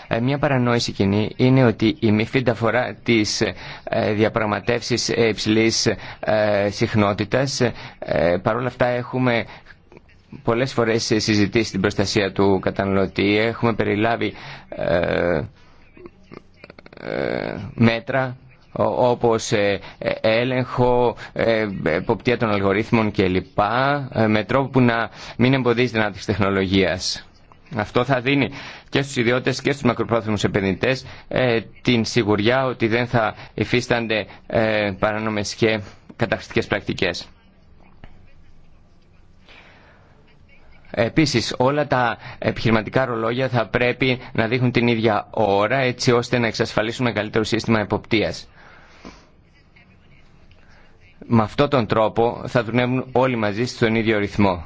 Ε, μια παρανόηση κοινή είναι ότι η μυφήντα φορά τις ε, διαπραγματεύσεις υψηλής συχνότητας. ε, αυτά έχουμε πολλές φορές συζητήσει την προστασία του καταναλωτή. Έχουμε περιλάβει ε, ε, μέτρα όπως ε, έλεγχο, εποπτεία των αλγορίθμων κλπ. με τρόπο που να μην εμποδίζει την ανάπτυξη τεχνολογίας. Αυτό θα δίνει και στους ιδιώτες και στους μακροπρόθεσμους επενδυτές την σιγουριά ότι δεν θα υφίστανται παράνομες και καταχρηστικές πρακτικές. Επίσης όλα τα επιχειρηματικά ρολόγια θα πρέπει να δείχνουν την ίδια ώρα έτσι ώστε να εξασφαλίσουμε καλύτερο σύστημα εποπτείας. Με αυτόν τον τρόπο θα δουλεύουν όλοι μαζί στον ίδιο ρυθμό.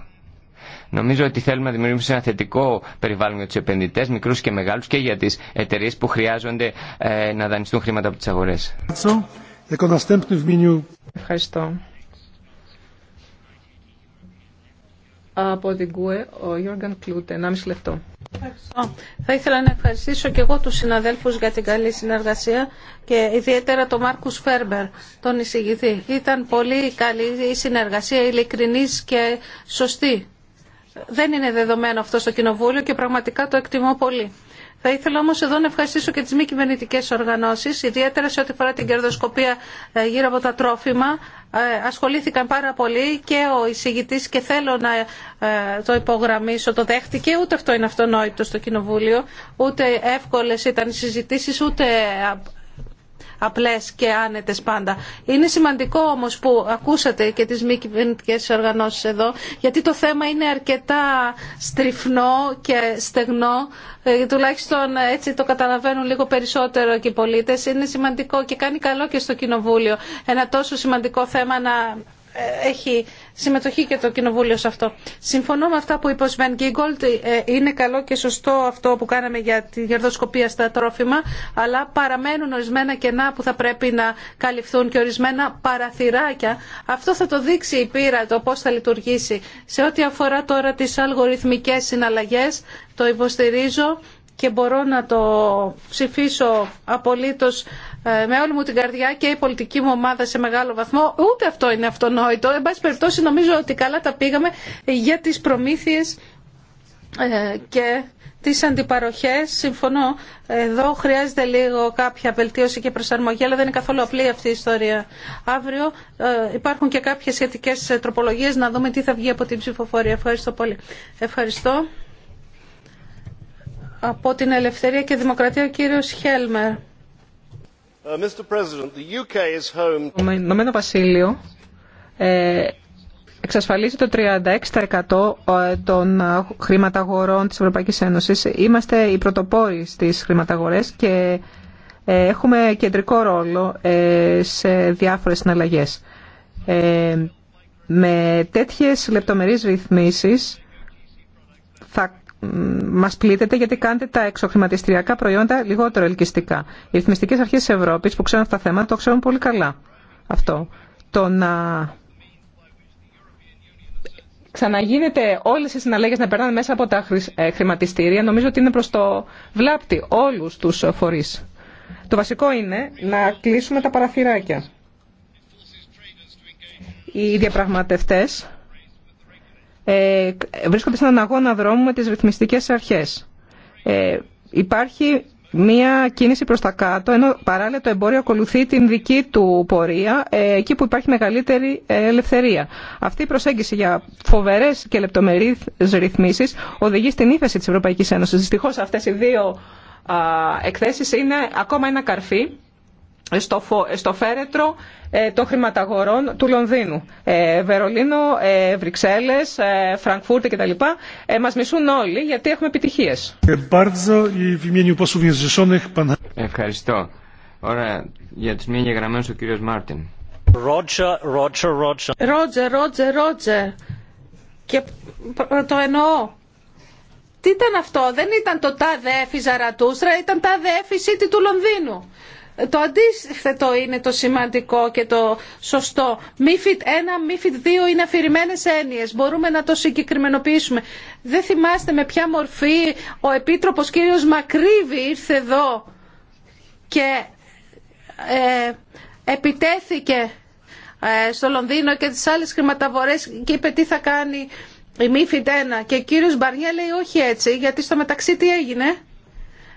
Νομίζω ότι θέλουμε να δημιουργήσουμε ένα θετικό περιβάλλον για του επενδυτέ, μικρού και μεγάλου, και για τι εταιρείε που χρειάζονται ε, να δανειστούν χρήματα από τι αγορέ. από την ΚΟΕ, ο Γιώργαν Κλούτε. 1,5 λεπτό. Ευχαριστώ. Θα ήθελα να ευχαριστήσω και εγώ τους συναδέλφους για την καλή συνεργασία και ιδιαίτερα τον Μάρκους Φέρμπερ, τον εισηγητή. Ήταν πολύ καλή η συνεργασία, ειλικρινής και σωστή. Δεν είναι δεδομένο αυτό στο Κοινοβούλιο και πραγματικά το εκτιμώ πολύ. Θα ήθελα όμως εδώ να ευχαριστήσω και τις μη κυβερνητικέ οργανώσεις, ιδιαίτερα σε ό,τι αφορά την κερδοσκοπία ε, γύρω από τα τρόφιμα. Ε, ασχολήθηκαν πάρα πολύ και ο εισηγητή και θέλω να ε, το υπογραμμίσω, το δέχτηκε. Ούτε αυτό είναι αυτονόητο στο Κοινοβούλιο, ούτε εύκολε ήταν οι συζητήσεις, ούτε απλές και άνετες πάντα. Είναι σημαντικό όμως που ακούσατε και τις μη κυβερνητικέ οργανώσεις εδώ, γιατί το θέμα είναι αρκετά στριφνό και στεγνό, ε, τουλάχιστον έτσι το καταλαβαίνουν λίγο περισσότερο και οι πολίτες. Είναι σημαντικό και κάνει καλό και στο Κοινοβούλιο ένα τόσο σημαντικό θέμα να ε, έχει συμμετοχή και το Κοινοβούλιο σε αυτό. Συμφωνώ με αυτά που είπε ο Σβέν Γκίγκολτ. Ε, είναι καλό και σωστό αυτό που κάναμε για τη γερδοσκοπία στα τρόφιμα, αλλά παραμένουν ορισμένα κενά που θα πρέπει να καλυφθούν και ορισμένα παραθυράκια. Αυτό θα το δείξει η πείρα το πώς θα λειτουργήσει. Σε ό,τι αφορά τώρα τις αλγοριθμικές συναλλαγές, το υποστηρίζω και μπορώ να το ψηφίσω απολύτως ε, με όλη μου την καρδιά και η πολιτική μου ομάδα σε μεγάλο βαθμό. Ούτε αυτό είναι αυτονόητο. Εν πάση περιπτώσει νομίζω ότι καλά τα πήγαμε για τις προμήθειες ε, και τις αντιπαροχές. Συμφωνώ, εδώ χρειάζεται λίγο κάποια βελτίωση και προσαρμογή, αλλά δεν είναι καθόλου απλή αυτή η ιστορία. Αύριο ε, υπάρχουν και κάποιες σχετικές τροπολογίες να δούμε τι θα βγει από την ψηφοφορία. Ευχαριστώ πολύ. Ευχαριστώ. Από την Ελευθερία και Δημοκρατία ο κύριος Χέλμερ. Uh, το Ηνωμένο Βασίλειο ε, εξασφαλίζει το 36% ε, των ε, χρηματαγορών της Ευρωπαϊκής Ένωσης. Είμαστε οι πρωτοπόροι στις χρηματαγορές και έχουμε κεντρικό ρόλο σε διάφορες συναλλαγές. Με τέτοιες λεπτομερείς ρυθμίσεις θα μας πλήττεται γιατί κάνετε τα εξοχρηματιστριακά προϊόντα λιγότερο ελκυστικά. Οι ρυθμιστικέ αρχές της Ευρώπης που ξέρουν αυτά τα θέματα το ξέρουν πολύ καλά αυτό. Το να ξαναγίνεται όλες οι συναλλαγές να περνάνε μέσα από τα ε, χρηματιστήρια νομίζω ότι είναι προς το βλάπτη όλους τους φορείς. Το βασικό είναι να κλείσουμε τα παραθυράκια. Οι διαπραγματευτές ε, βρίσκονται σε έναν αγώνα δρόμου με τις ρυθμιστικές αρχές. Ε, υπάρχει μία κίνηση προς τα κάτω, ενώ παράλληλα το εμπόριο ακολουθεί την δική του πορεία, ε, εκεί που υπάρχει μεγαλύτερη ελευθερία. Αυτή η προσέγγιση για φοβερές και λεπτομερείς ρυθμίσεις οδηγεί στην ύφεση της Ευρωπαϊκής Ένωσης. Δυστυχώς αυτές οι δύο εκθέσεις είναι ακόμα ένα καρφί στο, στο φέρετρο ε, των χρηματαγορών του Λονδίνου. Ε, Βερολίνο, ε, Βρυξέλλες, Φραγκφούρτη κτλ. Μας μισούν όλοι γιατί έχουμε επιτυχίες. Ευχαριστώ. Ωραία, για τις μία γραμμένες ο κύριος Μάρτιν. Ρότζερ, Ρότζερ, Ρότζερ. Και το εννοώ. Τι ήταν αυτό, δεν ήταν το τάδε έφη Ζαρατούστρα, ήταν τάδε έφη City του Λονδίνου. Το αντίθετο είναι το σημαντικό και το σωστό. Μίφιτ 1, Μίφιτ 2 είναι αφηρημένε έννοιε. Μπορούμε να το συγκεκριμενοποιήσουμε. Δεν θυμάστε με ποια μορφή ο Επίτροπο κ. Μακρύβη ήρθε εδώ και ε, επιτέθηκε ε, στο Λονδίνο και τις άλλες χρηματαβορές και είπε τι θα κάνει η Μύφιτ 1. Και ο κύριος Μπαρνιέ λέει όχι έτσι, γιατί στο μεταξύ τι έγινε.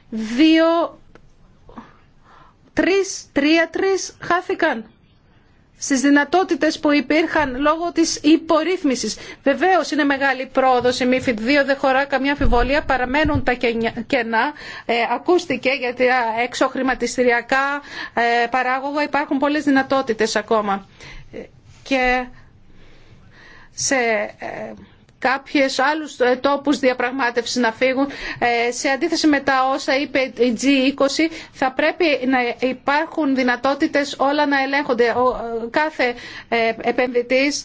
Δύο τρεις, τρία, τρεις χάθηκαν στις δυνατότητες που υπήρχαν λόγω της υπορρύθμισης. Βεβαίως είναι μεγάλη πρόοδος η MIFID 2, δεν χωρά καμιά αμφιβολία, παραμένουν τα κενά. Ε, ακούστηκε γιατί έξω χρηματιστηριακά ε, παράγωγα υπάρχουν πολλές δυνατότητες ακόμα. Ε, και σε κάποιες άλλους ε, τόπους διαπραγμάτευση να φύγουν. Ε, σε αντίθεση με τα όσα είπε η G20 θα πρέπει να υπάρχουν δυνατότητες όλα να ελέγχονται. Ο, ε, κάθε επενδυτής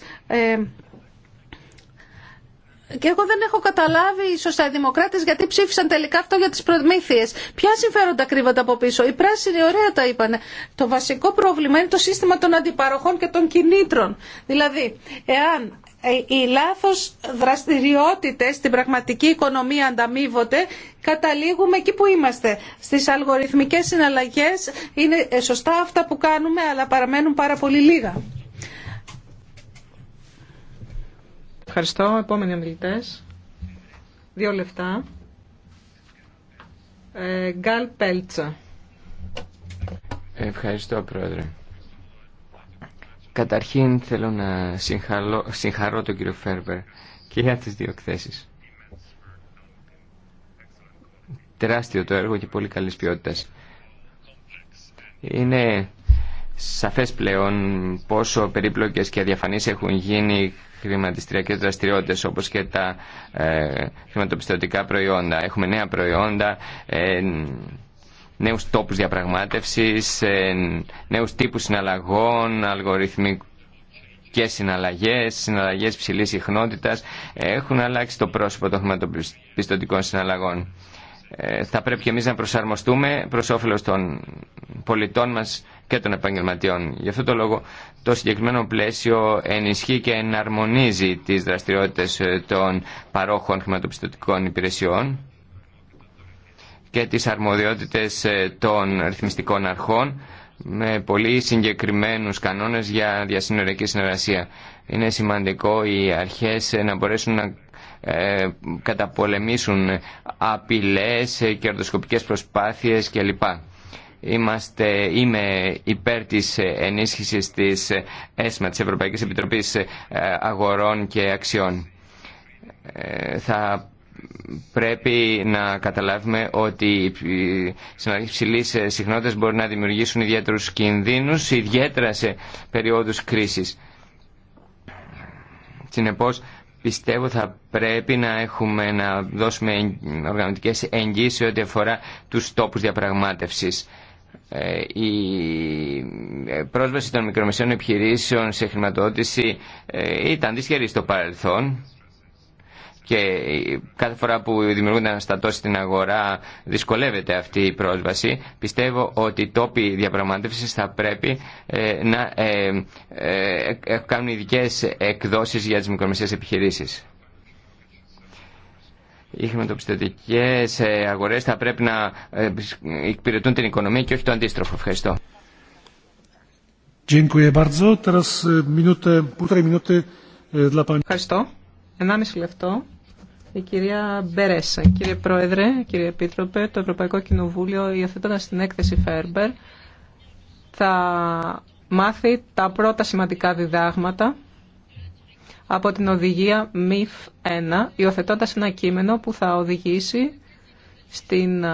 και εγώ δεν έχω καταλάβει σωστά οι δημοκράτες γιατί ψήφισαν τελικά αυτό για τις προμήθειε. Ποια συμφέροντα κρύβονται από πίσω. Οι πράσινοι ωραία τα είπαν. Το βασικό πρόβλημα είναι το σύστημα των αντιπαροχών και των κινήτρων. Δηλαδή, εάν οι ε, λάθος δραστηριότητες στην πραγματική οικονομία ανταμείβονται, καταλήγουμε εκεί που είμαστε. Στις αλγοριθμικές συναλλαγές είναι ε, σωστά αυτά που κάνουμε, αλλά παραμένουν πάρα πολύ λίγα. Ευχαριστώ. Επόμενοι ομιλητές. Δύο λεφτά. Ε, Γκάλ Πέλτσα. Ευχαριστώ, Πρόεδρε. Καταρχήν θέλω να συγχαρώ τον κύριο Φέρβερ και για τις δύο εκθέσεις. Τεράστιο το έργο και πολύ καλής ποιότητας. Είναι σαφές πλέον πόσο περίπλοκες και αδιαφανείς έχουν γίνει χρηματιστηριακές δραστηριότητες όπως και τα ε, χρηματοπιστωτικά προϊόντα. Έχουμε νέα προϊόντα, ε, νέους τόπους διαπραγμάτευσης, ε, νέους τύπους συναλλαγών, αλγοριθμικές συναλλαγές, συναλλαγές ψηλής συχνότητας, έχουν αλλάξει το πρόσωπο των χρηματοπιστωτικών συναλλαγών. Ε, θα πρέπει και εμείς να προσαρμοστούμε προς όφελος των πολιτών μας και των επαγγελματιών. Γι' αυτό το λόγο το συγκεκριμένο πλαίσιο ενισχύει και εναρμονίζει τις δραστηριότητες ε, των παρόχων χρηματοπιστωτικών υπηρεσιών και τις αρμοδιότητες ε, των ρυθμιστικών αρχών με πολύ συγκεκριμένους κανόνες για διασυνοριακή συνεργασία. Είναι σημαντικό οι αρχές ε, να μπορέσουν να ε, καταπολεμήσουν απειλές, κερδοσκοπικές προσπάθειες κλπ. Είμαστε, είμαι υπέρ της ενίσχυσης της ΕΣΜΑ, της Ευρωπαϊκής Επιτροπής Αγορών και Αξιών. Θα πρέπει να καταλάβουμε ότι οι συναλλαγές ψηλής ε, συχνότητας μπορεί να δημιουργήσουν ιδιαίτερους κινδύνους, ιδιαίτερα σε περιόδους κρίσης. Συνεπώς, πιστεύω θα πρέπει να, έχουμε, να δώσουμε οργανωτικές εγγύσεις ό,τι αφορά τους τόπους διαπραγμάτευσης. Ε, η ε, πρόσβαση των μικρομεσαίων επιχειρήσεων σε χρηματοδότηση ήταν δυσχερή στο παρελθόν και κάθε φορά που δημιουργούνται αναστατώσει στην αγορά δυσκολεύεται αυτή η πρόσβαση. Πιστεύω ότι οι τόποι διαπραγματεύσεις θα πρέπει ε, να ε, ε, κάνουν ειδικέ εκδόσεις για τις μικρομεσαίες επιχειρήσεις. Οι χρηματοπιστωτικές αγορές θα πρέπει να υπηρετούν την οικονομία και όχι το αντίστροφο. Ευχαριστώ. Ευχαριστώ. Ενάμιση λεπτό η κυρία Μπερέσα. Κύριε Πρόεδρε, κύριε Επίτροπε, το Ευρωπαϊκό Κοινοβούλιο υιοθετώντα την έκθεση Φέρμπερ θα μάθει τα πρώτα σημαντικά διδάγματα από την οδηγία MIF 1, υιοθετώντα ένα κείμενο που θα οδηγήσει στην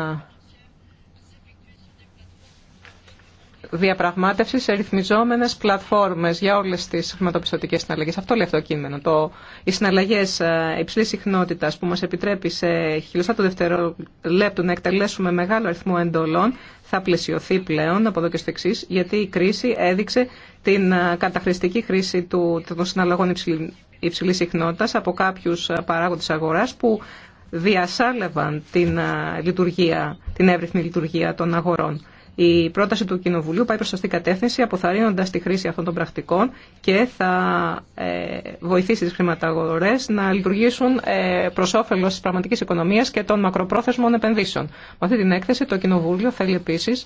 διαπραγμάτευση σε ρυθμιζόμενε πλατφόρμε για όλε τι χρηματοπιστωτικέ συναλλαγέ. Αυτό λέει αυτό το κείμενο. Το, οι συναλλαγέ ε, υψηλή συχνότητα που μα επιτρέπει σε χιλιοστά το δευτερόλεπτο να εκτελέσουμε μεγάλο αριθμό εντολών θα πλαισιωθεί πλέον από εδώ και στο εξή, γιατί η κρίση έδειξε την ε, καταχρηστική χρήση του, των συναλλαγών υψηλή συχνότητα από κάποιου ε, παράγοντε αγορά που διασάλευαν την λειτουργία, την εύρυθμη λειτουργία των αγορών. Η πρόταση του Κοινοβουλίου πάει προς την κατεύθυνση, αποθαρρύνοντα τη χρήση αυτών των πρακτικών και θα ε, βοηθήσει τι χρηματαγορές να λειτουργήσουν ε, προς όφελος της πραγματικής και των μακροπρόθεσμων επενδύσεων. Με αυτή την έκθεση το Κοινοβούλιο θέλει επίση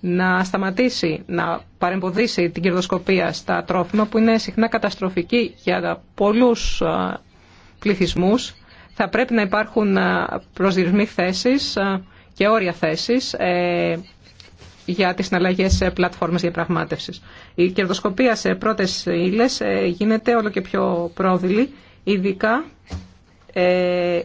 να σταματήσει να παρεμποδίσει την κερδοσκοπία στα τρόφιμα που είναι συχνά καταστροφική για πολλού ε, πληθυσμού. Θα πρέπει να υπάρχουν ε, προσδιορισμοί θέσει και όρια θέσεις για τις συναλλαγές σε πλατφόρμες διαπραγμάτευσης. Η κερδοσκοπία σε πρώτες ύλες ε, γίνεται όλο και πιο πρόδειλη, ειδικά ε,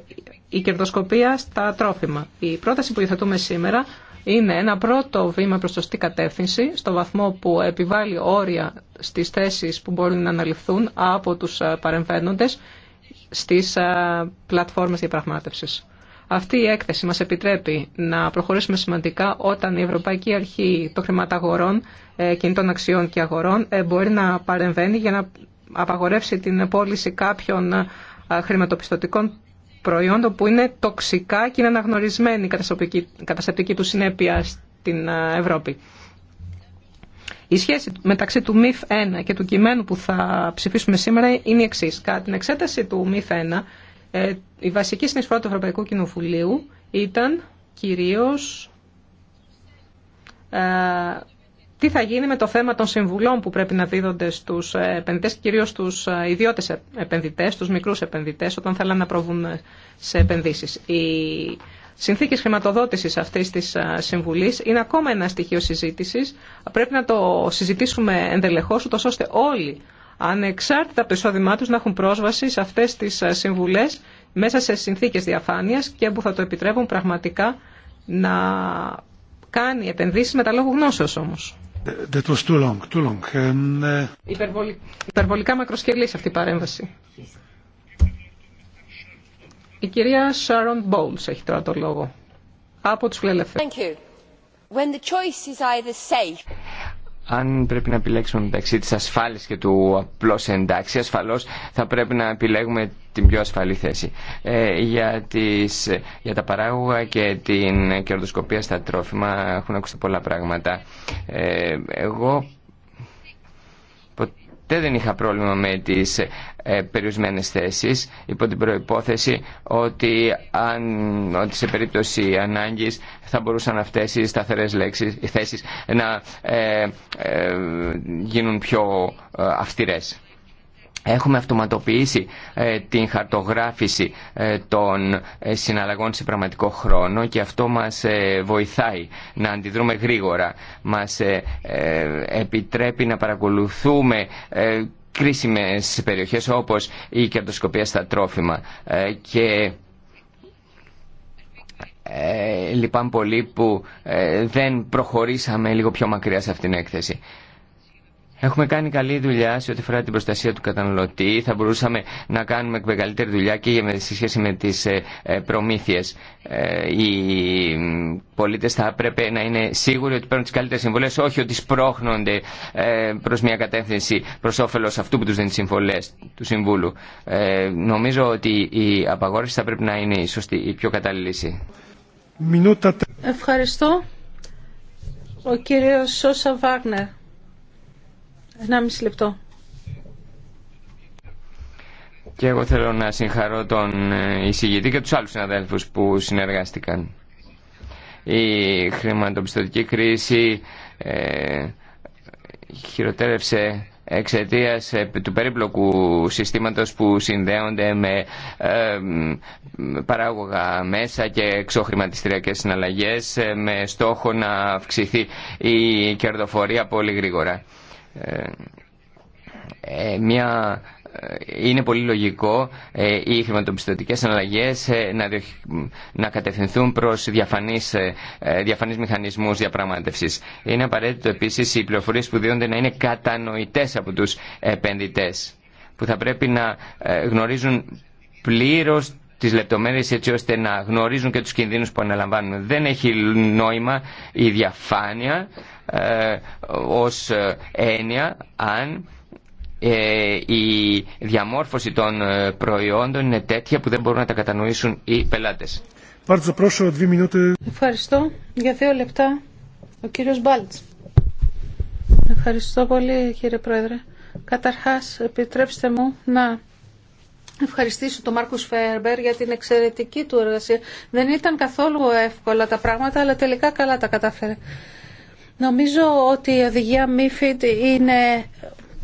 η κερδοσκοπία στα τρόφιμα. Η πρόταση που υιοθετούμε σήμερα είναι ένα πρώτο βήμα προς σωστή κατεύθυνση στο βαθμό που επιβάλλει όρια στις θέσεις που μπορούν να αναλυφθούν από τους ε, παρεμβαίνοντες στις πλατφόρμες διαπραγμάτευσης. Αυτή η έκθεση μας επιτρέπει να προχωρήσουμε σημαντικά όταν η Ευρωπαϊκή Αρχή των Χρηματαγορών, ε, Κινητών Αξιών και Αγορών ε, μπορεί να παρεμβαίνει για να απαγορεύσει την πώληση κάποιων ε, χρηματοπιστωτικών προϊόντων που είναι τοξικά και είναι αναγνωρισμένη η καταστατική του συνέπεια στην Ευρώπη. Η σχέση μεταξύ του ΜΙΦ 1 και του κειμένου που θα ψηφίσουμε σήμερα είναι η εξή. Κατά την εξέταση του ΜΙΦ 1, ε, η βασική συνεισφορά του Ευρωπαϊκού Κοινοβουλίου ήταν κυρίως ε, τι θα γίνει με το θέμα των συμβουλών που πρέπει να δίδονται στους ε, επενδυτές και κυρίως στους ιδιώτες επενδυτές, στους μικρούς επενδυτές όταν θέλουν να προβούν σε επενδύσεις. Οι συνθήκε χρηματοδότησης αυτής της συμβουλής είναι ακόμα ένα στοιχείο συζήτησης. Πρέπει να το συζητήσουμε ενδελεχώς ούτως ώστε όλοι ανεξάρτητα από το εισόδημά τους να έχουν πρόσβαση σε αυτές τις ε, συμβουλές μέσα σε συνθήκες διαφάνειας και που θα το επιτρέπουν πραγματικά να κάνει επενδύσεις με τα λόγου γνώσεως όμως. That was too long, too long. Ε, υπερβολικά, υπερβολικά μακροσκελής αυτή η παρέμβαση. Η κυρία Sharon Bowles έχει τώρα το λόγο. Από τους φιλελεύθερους αν πρέπει να επιλέξουμε μεταξύ της ασφάλεια και του απλώς εντάξει, ασφαλώς θα πρέπει να επιλέγουμε την πιο ασφαλή θέση. Ε, για, τις, τα παράγωγα και την κερδοσκοπία στα τρόφιμα έχουν ακούσει πολλά πράγματα. Ε, εγώ ποτέ δεν είχα πρόβλημα με τις ε, περιορισμένες θέσεις υπό την προϋπόθεση ότι, αν, ότι σε περίπτωση ανάγκης θα μπορούσαν αυτές οι σταθερές λέξεις, οι θέσεις να ε, ε, γίνουν πιο ε, αυστηρές. Έχουμε αυτοματοποιήσει ε, την χαρτογράφηση ε, των ε, συναλλαγών σε πραγματικό χρόνο και αυτό μας βοηθάει να αντιδρούμε γρήγορα. Μας επιτρέπει να παρακολουθούμε κρίσιμες περιοχές όπως η κερδοσκοπία στα τρόφιμα. Και λυπάμαι πολύ που δεν προχωρήσαμε λίγο πιο μακριά σε αυτήν την έκθεση. Έχουμε κάνει καλή δουλειά σε ό,τι αφορά την προστασία του καταναλωτή. Θα μπορούσαμε να κάνουμε μεγαλύτερη δουλειά και σε σχέση με τι ε, ε, προμήθειε. Ε, οι πολίτε θα έπρεπε να είναι σίγουροι ότι παίρνουν τι καλύτερε συμβολέ, όχι ότι σπρώχνονται προ μια κατεύθυνση προ όφελο αυτού που του δίνει τι συμβολές του Συμβούλου. Νομίζω ότι η απαγόρευση θα πρέπει να είναι η, σωστή, η πιο κατάλληλη λύση. Ευχαριστώ. Ο κύριος Σόσα Βάγνερ. 1,5 λεπτό. Και εγώ θέλω να συγχαρώ τον ε, εισηγητή και τους άλλους συναδέλφους που συνεργάστηκαν. Η χρηματοπιστωτική κρίση ε, χειροτέρευσε εξαιτία ε, του περίπλοκου συστήματος που συνδέονται με ε, παράγωγα μέσα και εξωχρηματιστηριακές συναλλαγές με στόχο να αυξηθεί η κερδοφορία πολύ γρήγορα. Ε, ε, μια, ε, είναι πολύ λογικό οι χρηματοπιστωτικές ε, να, κατευθυνθούν προς διαφανείς, διαφανείς μηχανισμούς διαπραγμάτευσης. Είναι απαραίτητο επίσης οι πληροφορίες που δίνονται να είναι κατανοητές από τους επενδυτές που θα πρέπει να γνωρίζουν πλήρως τις λεπτομέρειες έτσι ώστε να γνωρίζουν και τους κινδύνους που αναλαμβάνουν. Δεν έχει νόημα η διαφάνεια ε, ως ε, έννοια αν ε, η διαμόρφωση των προϊόντων είναι τέτοια που δεν μπορούν να τα κατανοήσουν οι πελάτες. Ευχαριστώ. Για δύο λεπτά ο κύριος Μπάλτς. Ευχαριστώ πολύ κύριε Πρόεδρε. Καταρχάς επιτρέψτε μου να ευχαριστήσω τον Μάρκους Φέρμπερ για την εξαιρετική του εργασία. Δεν ήταν καθόλου εύκολα τα πράγματα αλλά τελικά καλά τα κατάφερε. Νομίζω ότι η οδηγία MIFID είναι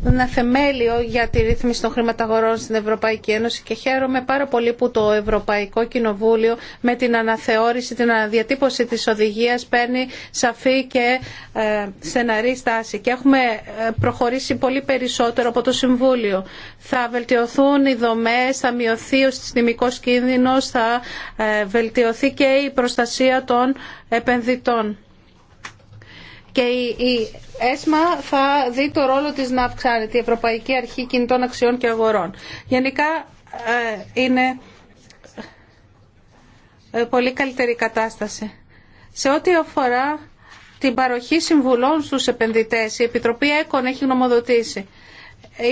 ένα θεμέλιο για τη ρύθμιση των χρηματαγορών στην Ευρωπαϊκή Ένωση και χαίρομαι πάρα πολύ που το Ευρωπαϊκό Κοινοβούλιο με την αναθεώρηση, την αναδιατύπωση της οδηγίας παίρνει σαφή και ε, στεναρή στάση και έχουμε ε, προχωρήσει πολύ περισσότερο από το Συμβούλιο. Θα βελτιωθούν οι δομές, θα μειωθεί ο συστημικός κίνδυνος, θα ε, βελτιωθεί και η προστασία των επενδυτών και η ΕΣΜΑ θα δει το ρόλο της να αυξάνεται, η Ευρωπαϊκή Αρχή Κινητών Αξιών και Αγορών. Γενικά ε, είναι ε, πολύ καλύτερη κατάσταση. Σε ό,τι αφορά την παροχή συμβουλών στους επενδυτές, η Επιτροπή ΕΚΟΝ έχει γνωμοδοτήσει.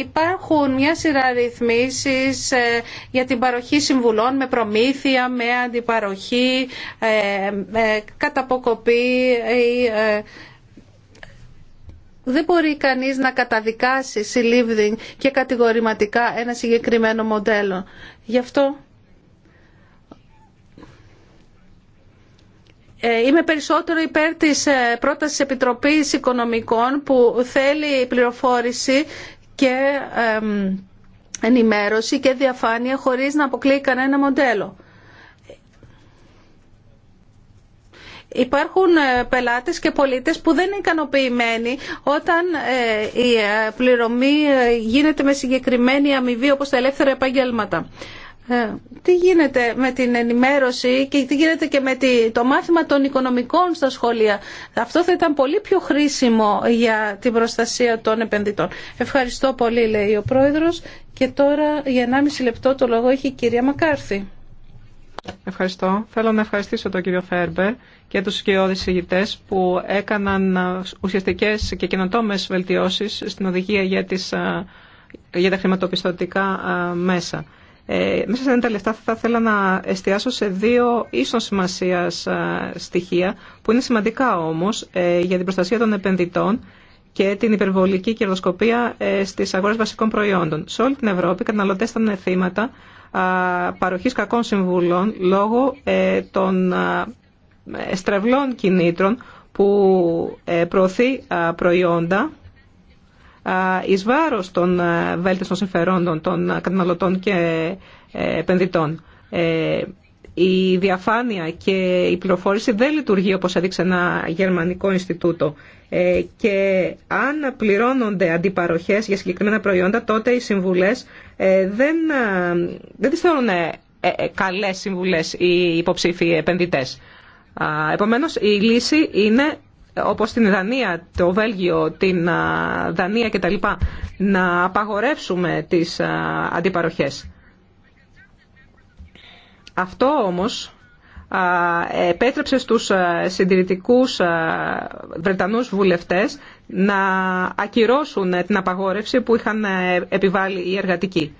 Υπάρχουν μια σειρά ρυθμίσεις ε, για την παροχή συμβουλών με προμήθεια, με αντιπαροχή, καταποκοπή ή δεν μπορεί κανείς να καταδικάσει συλλήβδιν και κατηγορηματικά ένα συγκεκριμένο μοντέλο. Γι' αυτό ε, είμαι περισσότερο υπέρ της ε, πρότασης Επιτροπής Οικονομικών που θέλει πληροφόρηση και ενημέρωση και διαφάνεια χωρίς να αποκλείει κανένα μοντέλο. Υπάρχουν ε, πελάτες και πολίτες που δεν είναι ικανοποιημένοι όταν ε, η ε, πληρωμή γίνεται με συγκεκριμένη αμοιβή όπως τα ελεύθερα επαγγέλματα. Τι γίνεται με την ενημέρωση και τι γίνεται και με το μάθημα των οικονομικών στα σχολεία. Αυτό θα ήταν πολύ πιο χρήσιμο για την προστασία των επενδυτών. Ευχαριστώ πολύ λέει ο Πρόεδρος και τώρα για 1,5 λεπτό το λόγο έχει η κυρία Μακάρθη. Ευχαριστώ. Θέλω να ευχαριστήσω τον κύριο Φέρμπερ και τους σκιώδεις ηγητές που έκαναν ουσιαστικές και καινοτόμες βελτιώσεις στην οδηγία για, τις, για τα χρηματοπιστωτικά μέσα. Ε, μέσα σε ένα λεφτά θα ήθελα να εστιάσω σε δύο σημασίας σημασία στοιχεία που είναι σημαντικά όμως ε, για την προστασία των επενδυτών και την υπερβολική κερδοσκοπία ε, στις αγορές βασικών προϊόντων. Σε όλη την Ευρώπη οι καταναλωτές ήταν θύματα παροχής κακών συμβουλών λόγω ε, των στρεβλών κινήτρων που ε, προωθεί προϊόντα εις βάρος των βέλτιστων συμφερόντων των καταναλωτών και ε, επενδυτών η διαφάνεια και η πληροφόρηση δεν λειτουργεί όπως έδειξε ένα γερμανικό Ινστιτούτο ε, και αν πληρώνονται αντιπαροχές για συγκεκριμένα προϊόντα τότε οι συμβουλές ε, δεν, ε, δεν τις θεωρούν καλές συμβουλές οι υποψήφοι επενδυτές. Επομένως η λύση είναι όπως στην Δανία, το Βέλγιο, την Δανία κτλ. να απαγορεύσουμε τις αντιπαροχές. Αυτό όμως επέτρεψε στους συντηρητικούς Βρετανούς βουλευτές να ακυρώσουν την απαγόρευση που είχαν ε, επιβάλει οι εργατικοί.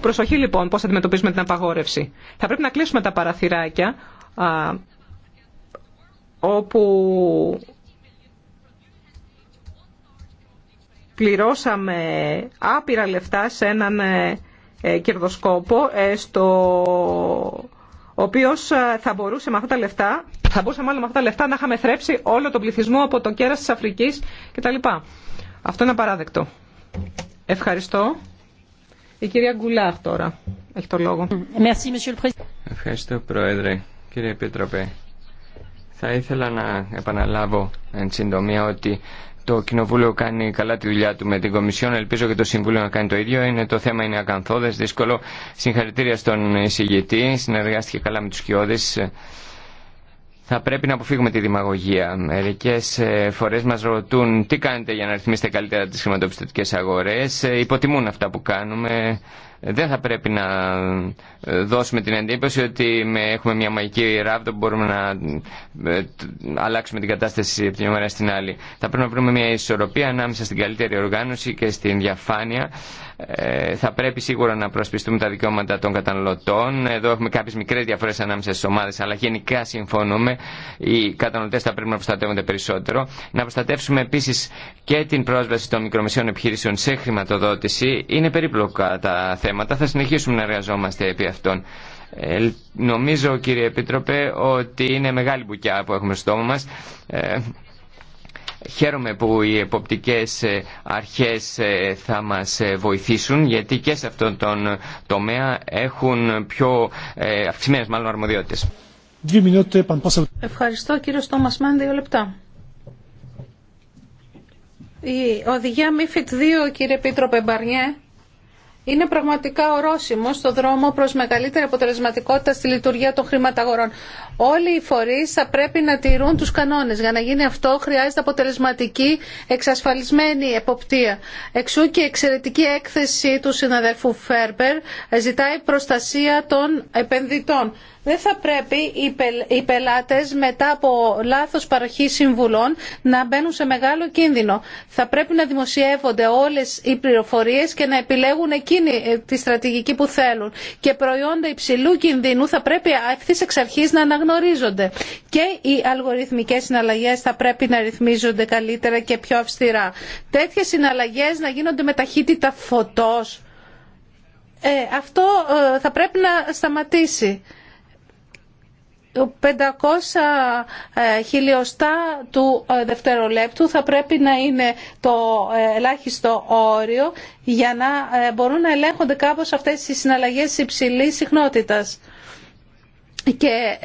Προσοχή λοιπόν πώς αντιμετωπίζουμε την απαγόρευση. Θα πρέπει να κλείσουμε τα παραθυράκια όπου πληρώσαμε άπειρα λεφτά σε έναν ε, ε, κερδοσκόπο ε, στο ο οποίο ε, θα μπορούσε με αυτά τα λεφτά, θα μπορούσε μάλλον με αυτά τα λεφτά να είχαμε θρέψει όλο τον πληθυσμό από το κέρα τη Αφρική κτλ. Αυτό είναι απαράδεκτο. Ευχαριστώ. Η κυρία Γκουλάχ τώρα έχει το λόγο. Ευχαριστώ, Πρόεδρε. Κύριε Επίτροπε, θα ήθελα να επαναλάβω εν συντομία ότι το Κοινοβούλιο κάνει καλά τη δουλειά του με την Κομισιόν. Ελπίζω και το Συμβούλιο να κάνει το ίδιο. Είναι, το θέμα είναι ακαθόδε. δύσκολο. Συγχαρητήρια στον εισηγητή. Συνεργάστηκε καλά με του Κιώδη. Θα πρέπει να αποφύγουμε τη δημαγωγία. Μερικέ ε, φορέ μα ρωτούν τι κάνετε για να ρυθμίσετε καλύτερα τι χρηματοπιστωτικέ αγορέ. Ε, υποτιμούν αυτά που κάνουμε δεν θα πρέπει να ε, δώσουμε την εντύπωση ότι έχουμε μια μαγική ράβδο που μπορούμε να ε, αλλάξουμε την κατάσταση από την μέρα στην άλλη. Θα πρέπει να βρούμε μια ισορροπία ανάμεσα στην καλύτερη οργάνωση και στην διαφάνεια ε, θα πρέπει σίγουρα να προσπιστούμε τα δικαιώματα των καταναλωτών. Εδώ έχουμε κάποιε μικρέ διαφορέ ανάμεσα στι ομάδε, αλλά γενικά συμφωνούμε. Οι καταναλωτέ θα πρέπει να προστατεύονται περισσότερο. Να προστατεύσουμε επίση και την πρόσβαση των μικρομεσαίων επιχειρήσεων σε χρηματοδότηση. Είναι περίπλοκα τα θέματα. Θα συνεχίσουμε να εργαζόμαστε επί αυτών. Ε, νομίζω, κύριε Επίτροπε, ότι είναι μεγάλη μπουκιά που έχουμε στο στόμα μας. Ε, Χαίρομαι που οι εποπτικές ε, αρχές ε, θα μας ε, βοηθήσουν γιατί και σε αυτόν τον τομέα έχουν πιο αυξημένες μάλλον αρμοδιότητες. Ευχαριστώ κύριο Στόμας Μάν, δύο λεπτά. Η οδηγία MIFID 2, κύριε πίτρο Μπαρνιέ, είναι πραγματικά ορόσημο στο δρόμο προς μεγαλύτερη αποτελεσματικότητα στη λειτουργία των χρηματαγορών. Όλοι οι φορεί θα πρέπει να τηρούν του κανόνε Για να γίνει αυτό χρειάζεται αποτελεσματική, εξασφαλισμένη εποπτεία. Εξού και η εξαιρετική έκθεση του συναδέλφου Φέρμπερ ζητάει προστασία των επενδυτών. Δεν θα πρέπει οι πελάτες μετά από λάθος παροχή συμβουλών να μπαίνουν σε μεγάλο κίνδυνο. Θα πρέπει να δημοσιεύονται όλες οι πληροφορίες και να επιλέγουν εκείνη ε, τη στρατηγική που θέλουν. Και προϊόντα υψηλού κινδύνου θα πρέπει ευθύ εξ αρχής να αναγνωρίζουν και οι αλγοριθμικές συναλλαγές θα πρέπει να ρυθμίζονται καλύτερα και πιο αυστηρά. Τέτοιε συναλλαγές να γίνονται με ταχύτητα φωτός. Ε, αυτό ε, θα πρέπει να σταματήσει. 500 ε, χιλιοστά του ε, δευτερολέπτου θα πρέπει να είναι το ελάχιστο όριο για να μπορούν να ελέγχονται κάπως αυτές οι συναλλαγές υψηλής συχνότητας. Και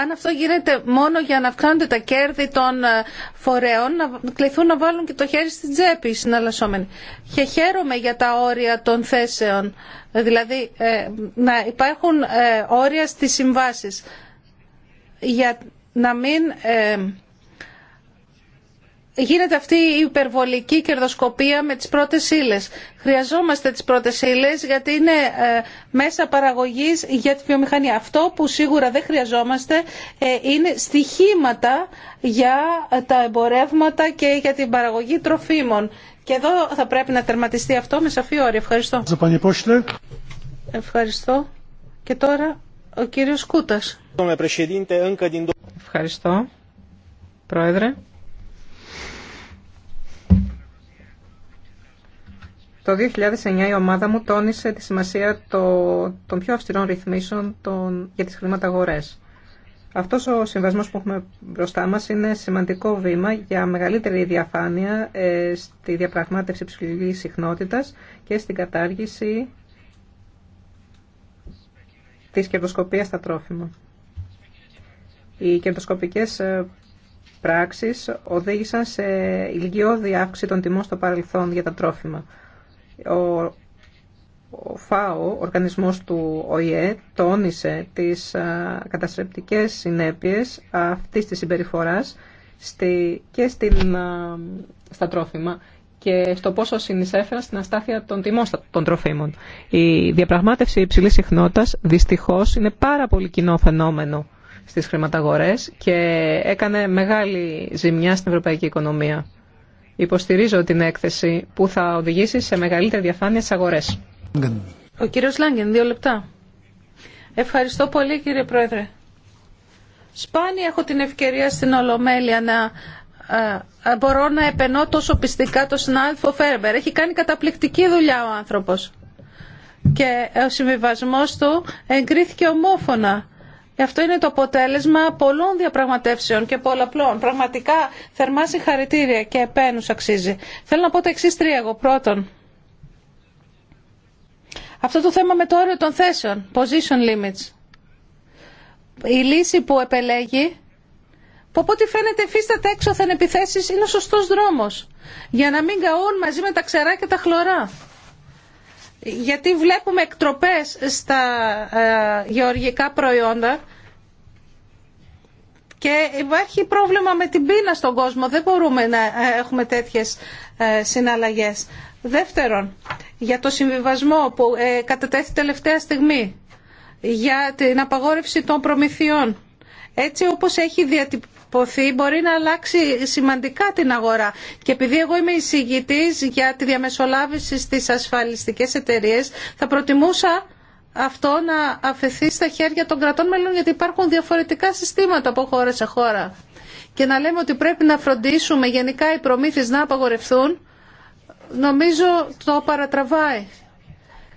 αν αυτό γίνεται μόνο για να αυξάνονται τα κέρδη των ε, φορέων, να κληθούν να βάλουν και το χέρι στην τσέπη οι συναλλασσόμενοι. Και χαίρομαι για τα όρια των θέσεων, δηλαδή ε, να υπάρχουν ε, όρια στις συμβάσεις για να μην γίνεται αυτή η υπερβολική κερδοσκοπία με τις πρώτες ύλε. Χρειαζόμαστε τις πρώτες ύλε γιατί είναι ε, μέσα παραγωγής για τη βιομηχανία. Αυτό που σίγουρα δεν χρειαζόμαστε ε, είναι στοιχήματα για τα εμπορεύματα και για την παραγωγή τροφίμων. Και εδώ θα πρέπει να τερματιστεί αυτό με σαφή όρια. Ευχαριστώ. Ευχαριστώ. Και τώρα ο κύριος Κούτας. Ευχαριστώ, Πρόεδρε. Το 2009 η ομάδα μου τόνισε τη σημασία των πιο αυστηρών ρυθμίσεων για τις χρηματαγορές. Αυτός ο συμβασμός που έχουμε μπροστά μας είναι σημαντικό βήμα για μεγαλύτερη διαφάνεια ε, στη διαπραγμάτευση ψυχολογικής συχνότητας και στην κατάργηση της κερδοσκοπίας στα τρόφιμα. Οι κερδοσκοπικές ε, πράξεις οδήγησαν σε ηλικιώδη αύξηση των τιμών στο παρελθόν για τα τρόφιμα. Ο ο ΦΑΟ, οργανισμός του ΟΗΕ, τόνισε τις καταστρεπτικές συνέπειες αυτής της συμπεριφοράς στη, και στην, στα τρόφιμα και στο πόσο συνεισέφεραν στην αστάθεια των τιμών των τροφίμων. Η διαπραγμάτευση υψηλή συχνότητα δυστυχώ είναι πάρα πολύ κοινό φαινόμενο στις χρηματαγορές και έκανε μεγάλη ζημιά στην ευρωπαϊκή οικονομία. Υποστηρίζω την έκθεση που θα οδηγήσει σε μεγαλύτερη διαφάνεια στι αγορέ. Ο κύριο Λάγκεν, δύο λεπτά. Ευχαριστώ πολύ κύριε Πρόεδρε. Σπάνια έχω την ευκαιρία στην Ολομέλεια να μπορώ να επενώ τόσο πιστικά τον συνάδελφο Φέρμπερ. Έχει κάνει καταπληκτική δουλειά ο άνθρωπος. Και ο συμβιβασμό του εγκρίθηκε ομόφωνα. Αυτό είναι το αποτέλεσμα πολλών διαπραγματεύσεων και πολλαπλών. Πραγματικά θερμά συγχαρητήρια και επένους αξίζει. Θέλω να πω τα εξή τρία εγώ. Πρώτον, αυτό το θέμα με το όριο των θέσεων, position limits. Η λύση που επελέγει, που από ό,τι φαίνεται εφίσταται έξωθεν επιθέσεις, είναι ο σωστός δρόμος. Για να μην καούν μαζί με τα ξερά και τα χλωρά γιατί βλέπουμε εκτροπές στα ε, γεωργικά προϊόντα και υπάρχει πρόβλημα με την πείνα στον κόσμο. Δεν μπορούμε να έχουμε τέτοιες ε, συναλλαγές. Δεύτερον, για το συμβιβασμό που ε, κατατέθη τελευταία στιγμή, για την απαγόρευση των προμηθειών. Έτσι όπως έχει διατυπ μπορεί να αλλάξει σημαντικά την αγορά. Και επειδή εγώ είμαι εισηγητή για τη διαμεσολάβηση στι ασφαλιστικές εταιρείε, θα προτιμούσα αυτό να αφαιθεί στα χέρια των κρατών μελών γιατί υπάρχουν διαφορετικά συστήματα από χώρα σε χώρα. Και να λέμε ότι πρέπει να φροντίσουμε γενικά οι προμήθειε να απαγορευτούν, νομίζω το παρατραβάει.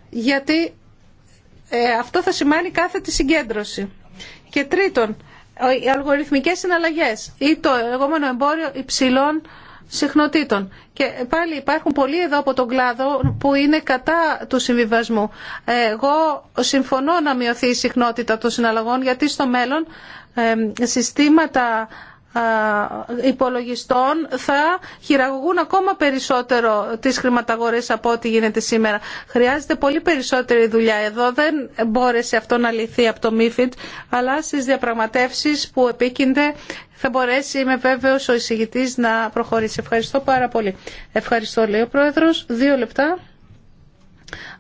Γιατί ε, αυτό θα σημαίνει κάθε τη συγκέντρωση. Και τρίτον, οι αλγοριθμικές συναλλαγές ή το λεγόμενο εμπόριο υψηλών συχνοτήτων. Και πάλι υπάρχουν πολλοί εδώ από τον κλάδο που είναι κατά του συμβιβασμού. Εγώ συμφωνώ να μειωθεί η συχνότητα των συναλλαγών γιατί στο μέλλον συστήματα υπολογιστών θα χειραγωγούν ακόμα περισσότερο τις χρηματαγορές από ό,τι γίνεται σήμερα. Χρειάζεται πολύ περισσότερη δουλειά εδώ. Δεν μπόρεσε αυτό να λυθεί από το MIFID, αλλά στις διαπραγματεύσεις που επίκυνται θα μπορέσει, είμαι βέβαιος, ο εισηγητής να προχωρήσει. Ευχαριστώ πάρα πολύ. Ευχαριστώ, λέει ο Πρόεδρος. Δύο λεπτά.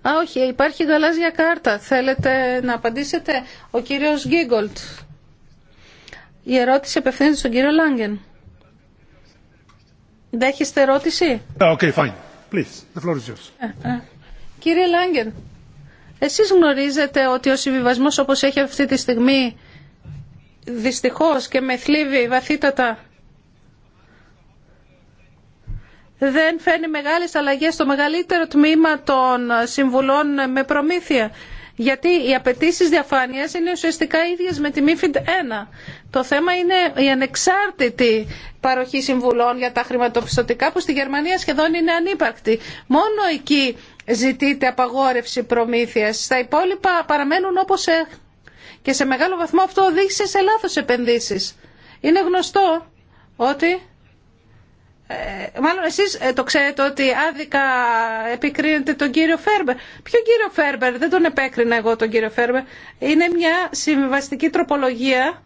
Α, όχι, υπάρχει γαλάζια κάρτα. Θέλετε να απαντήσετε. Ο κύριος Γκίγκολτ. Η ερώτηση απευθύνεται στον κύριο Λάγκεν. Δέχεστε ερώτηση. Okay, fine. Please, the floor is yours. Ε, ε. Κύριε Λάγκεν, εσείς γνωρίζετε ότι ο συμβιβασμός όπως έχει αυτή τη στιγμή δυστυχώς και με θλίβει βαθύτατα δεν φέρνει μεγάλες αλλαγές στο μεγαλύτερο τμήμα των συμβουλών με προμήθεια γιατί οι απαιτήσει διαφάνεια είναι ουσιαστικά ίδιε με τη MIFID 1. Το θέμα είναι η ανεξάρτητη παροχή συμβουλών για τα χρηματοπιστωτικά που στη Γερμανία σχεδόν είναι ανύπαρκτη. Μόνο εκεί ζητείται απαγόρευση προμήθεια. Στα υπόλοιπα παραμένουν όπω ε. Και σε μεγάλο βαθμό αυτό οδήγησε σε λάθο επενδύσει. Είναι γνωστό ότι ε, μάλλον εσείς ε, το ξέρετε ότι άδικα επικρίνετε τον κύριο Φέρμπερ. Ποιο κύριο Φέρμπερ, δεν τον επέκρινα εγώ τον κύριο Φέρμπερ. Είναι μια συμβαστική τροπολογία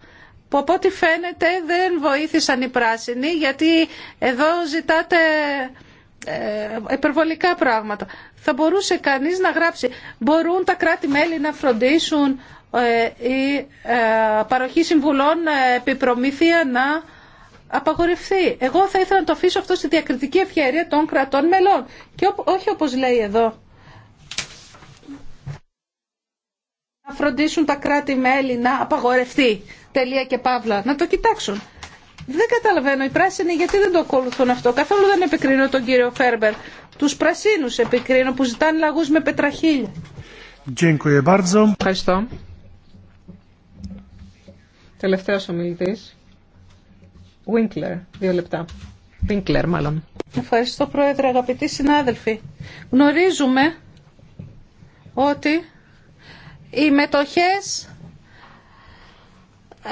που από ό,τι φαίνεται δεν βοήθησαν οι πράσινοι γιατί εδώ ζητάτε ε, υπερβολικά πράγματα. Θα μπορούσε κανείς να γράψει μπορούν τα κράτη-μέλη να φροντίσουν ε, η παροχή συμβουλών επί να Απαγορευθεί; Εγώ θα ήθελα να το αφήσω αυτό στη διακριτική ευχαίρεια των κρατών μελών. Και όχι όπως λέει εδώ. Να φροντίσουν τα κράτη-μέλη να απαγορευτεί. Τελεία και παύλα. Να το κοιτάξουν. Δεν καταλαβαίνω οι πράσινοι γιατί δεν το ακολουθούν αυτό. Καθόλου δεν επικρίνω τον κύριο Φέρμπερ. Τους πρασίνους επικρίνω που ζητάνε λαγούς με πετραχίλια. Ευχαριστώ. Τελευταίος ομιλητής. Winkler, δύο λεπτά. Winkler, μάλλον. Ευχαριστώ, Πρόεδρε, αγαπητοί συνάδελφοι. Γνωρίζουμε ότι οι μετοχές ε,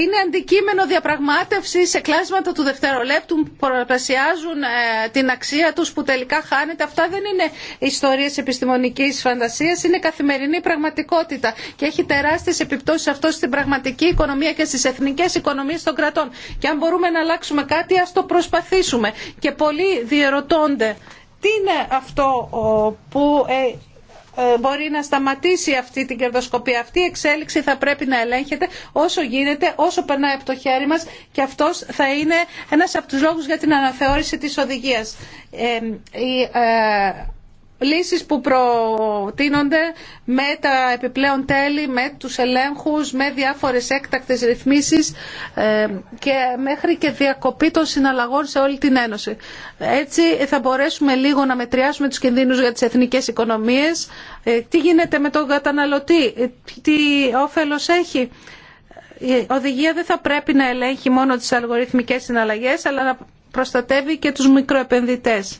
είναι αντικείμενο διαπραγμάτευση σε κλάσματα του δευτερολέπτου που ε, την αξία τους που τελικά χάνεται. Αυτά δεν είναι ιστορίες επιστημονικής φαντασίας, είναι καθημερινή πραγματικότητα και έχει τεράστιες επιπτώσεις αυτό στην πραγματική οικονομία και στις εθνικές οικονομίες των κρατών. Και αν μπορούμε να αλλάξουμε κάτι ας το προσπαθήσουμε. Και πολλοί διερωτώνται τι είναι αυτό που ε, ε, μπορεί να σταματήσει αυτή την κερδοσκοπία. Αυτή η εξέλιξη θα πρέπει να ελέγχεται όσο γίνεται, όσο περνάει από το χέρι μας και αυτός θα είναι ένας από τους λόγους για την αναθεώρηση της οδηγίας. Ε, ε, λύσεις που προτείνονται με τα επιπλέον τέλη, με τους ελέγχους, με διάφορες έκτακτες ρυθμίσεις ε, και μέχρι και διακοπή των συναλλαγών σε όλη την Ένωση. Έτσι θα μπορέσουμε λίγο να μετριάσουμε τους κινδύνους για τις εθνικές οικονομίες. Ε, τι γίνεται με τον καταναλωτή, ε, τι όφελος έχει. Η οδηγία δεν θα πρέπει να ελέγχει μόνο τις αλγοριθμικές συναλλαγές, αλλά να προστατεύει και τους μικροεπενδυτές.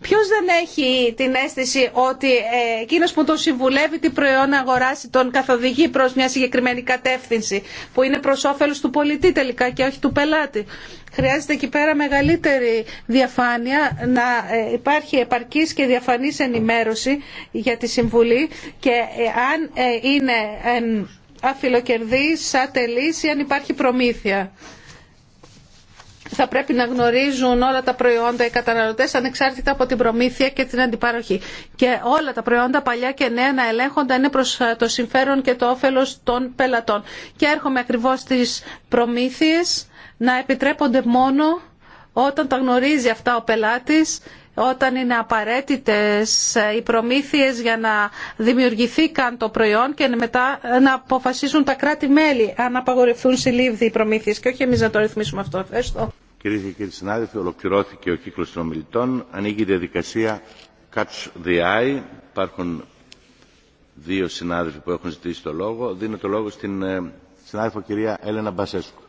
Ποιο δεν έχει την αίσθηση ότι ε, εκείνο που τον συμβουλεύει τι προϊόν να αγοράσει τον καθοδηγεί προς μια συγκεκριμένη κατεύθυνση που είναι προ όφελο του πολιτή τελικά και όχι του πελάτη. Χρειάζεται εκεί πέρα μεγαλύτερη διαφάνεια, να ε, υπάρχει επαρκής και διαφανής ενημέρωση για τη συμβουλή και ε, αν είναι αφιλοκερδής, ατελής ή αν υπάρχει προμήθεια θα πρέπει να γνωρίζουν όλα τα προϊόντα οι καταναλωτέ ανεξάρτητα από την προμήθεια και την αντιπαροχή. Και όλα τα προϊόντα παλιά και νέα να ελέγχονται είναι προς ε, το συμφέρον και το όφελο των πελατών. Και έρχομαι ακριβώ στις προμήθειε να επιτρέπονται μόνο όταν τα γνωρίζει αυτά ο πελάτης όταν είναι απαραίτητες ε, οι προμήθειες για να δημιουργηθεί καν το προϊόν και μετά να αποφασίσουν τα κράτη-μέλη αν απαγορευτούν συλλήβδη οι προμήθειες και όχι εμεί να το ρυθμίσουμε αυτό. Ευχαριστώ. Κυρίε και κύριοι συνάδελφοι, ολοκληρώθηκε ο κύκλο των ομιλητών. Ανοίγει η διαδικασία Catch the Eye. Υπάρχουν δύο συνάδελφοι που έχουν ζητήσει το λόγο. Δίνω το λόγο στην ε, συνάδελφο κυρία Έλενα Μπασέσκου.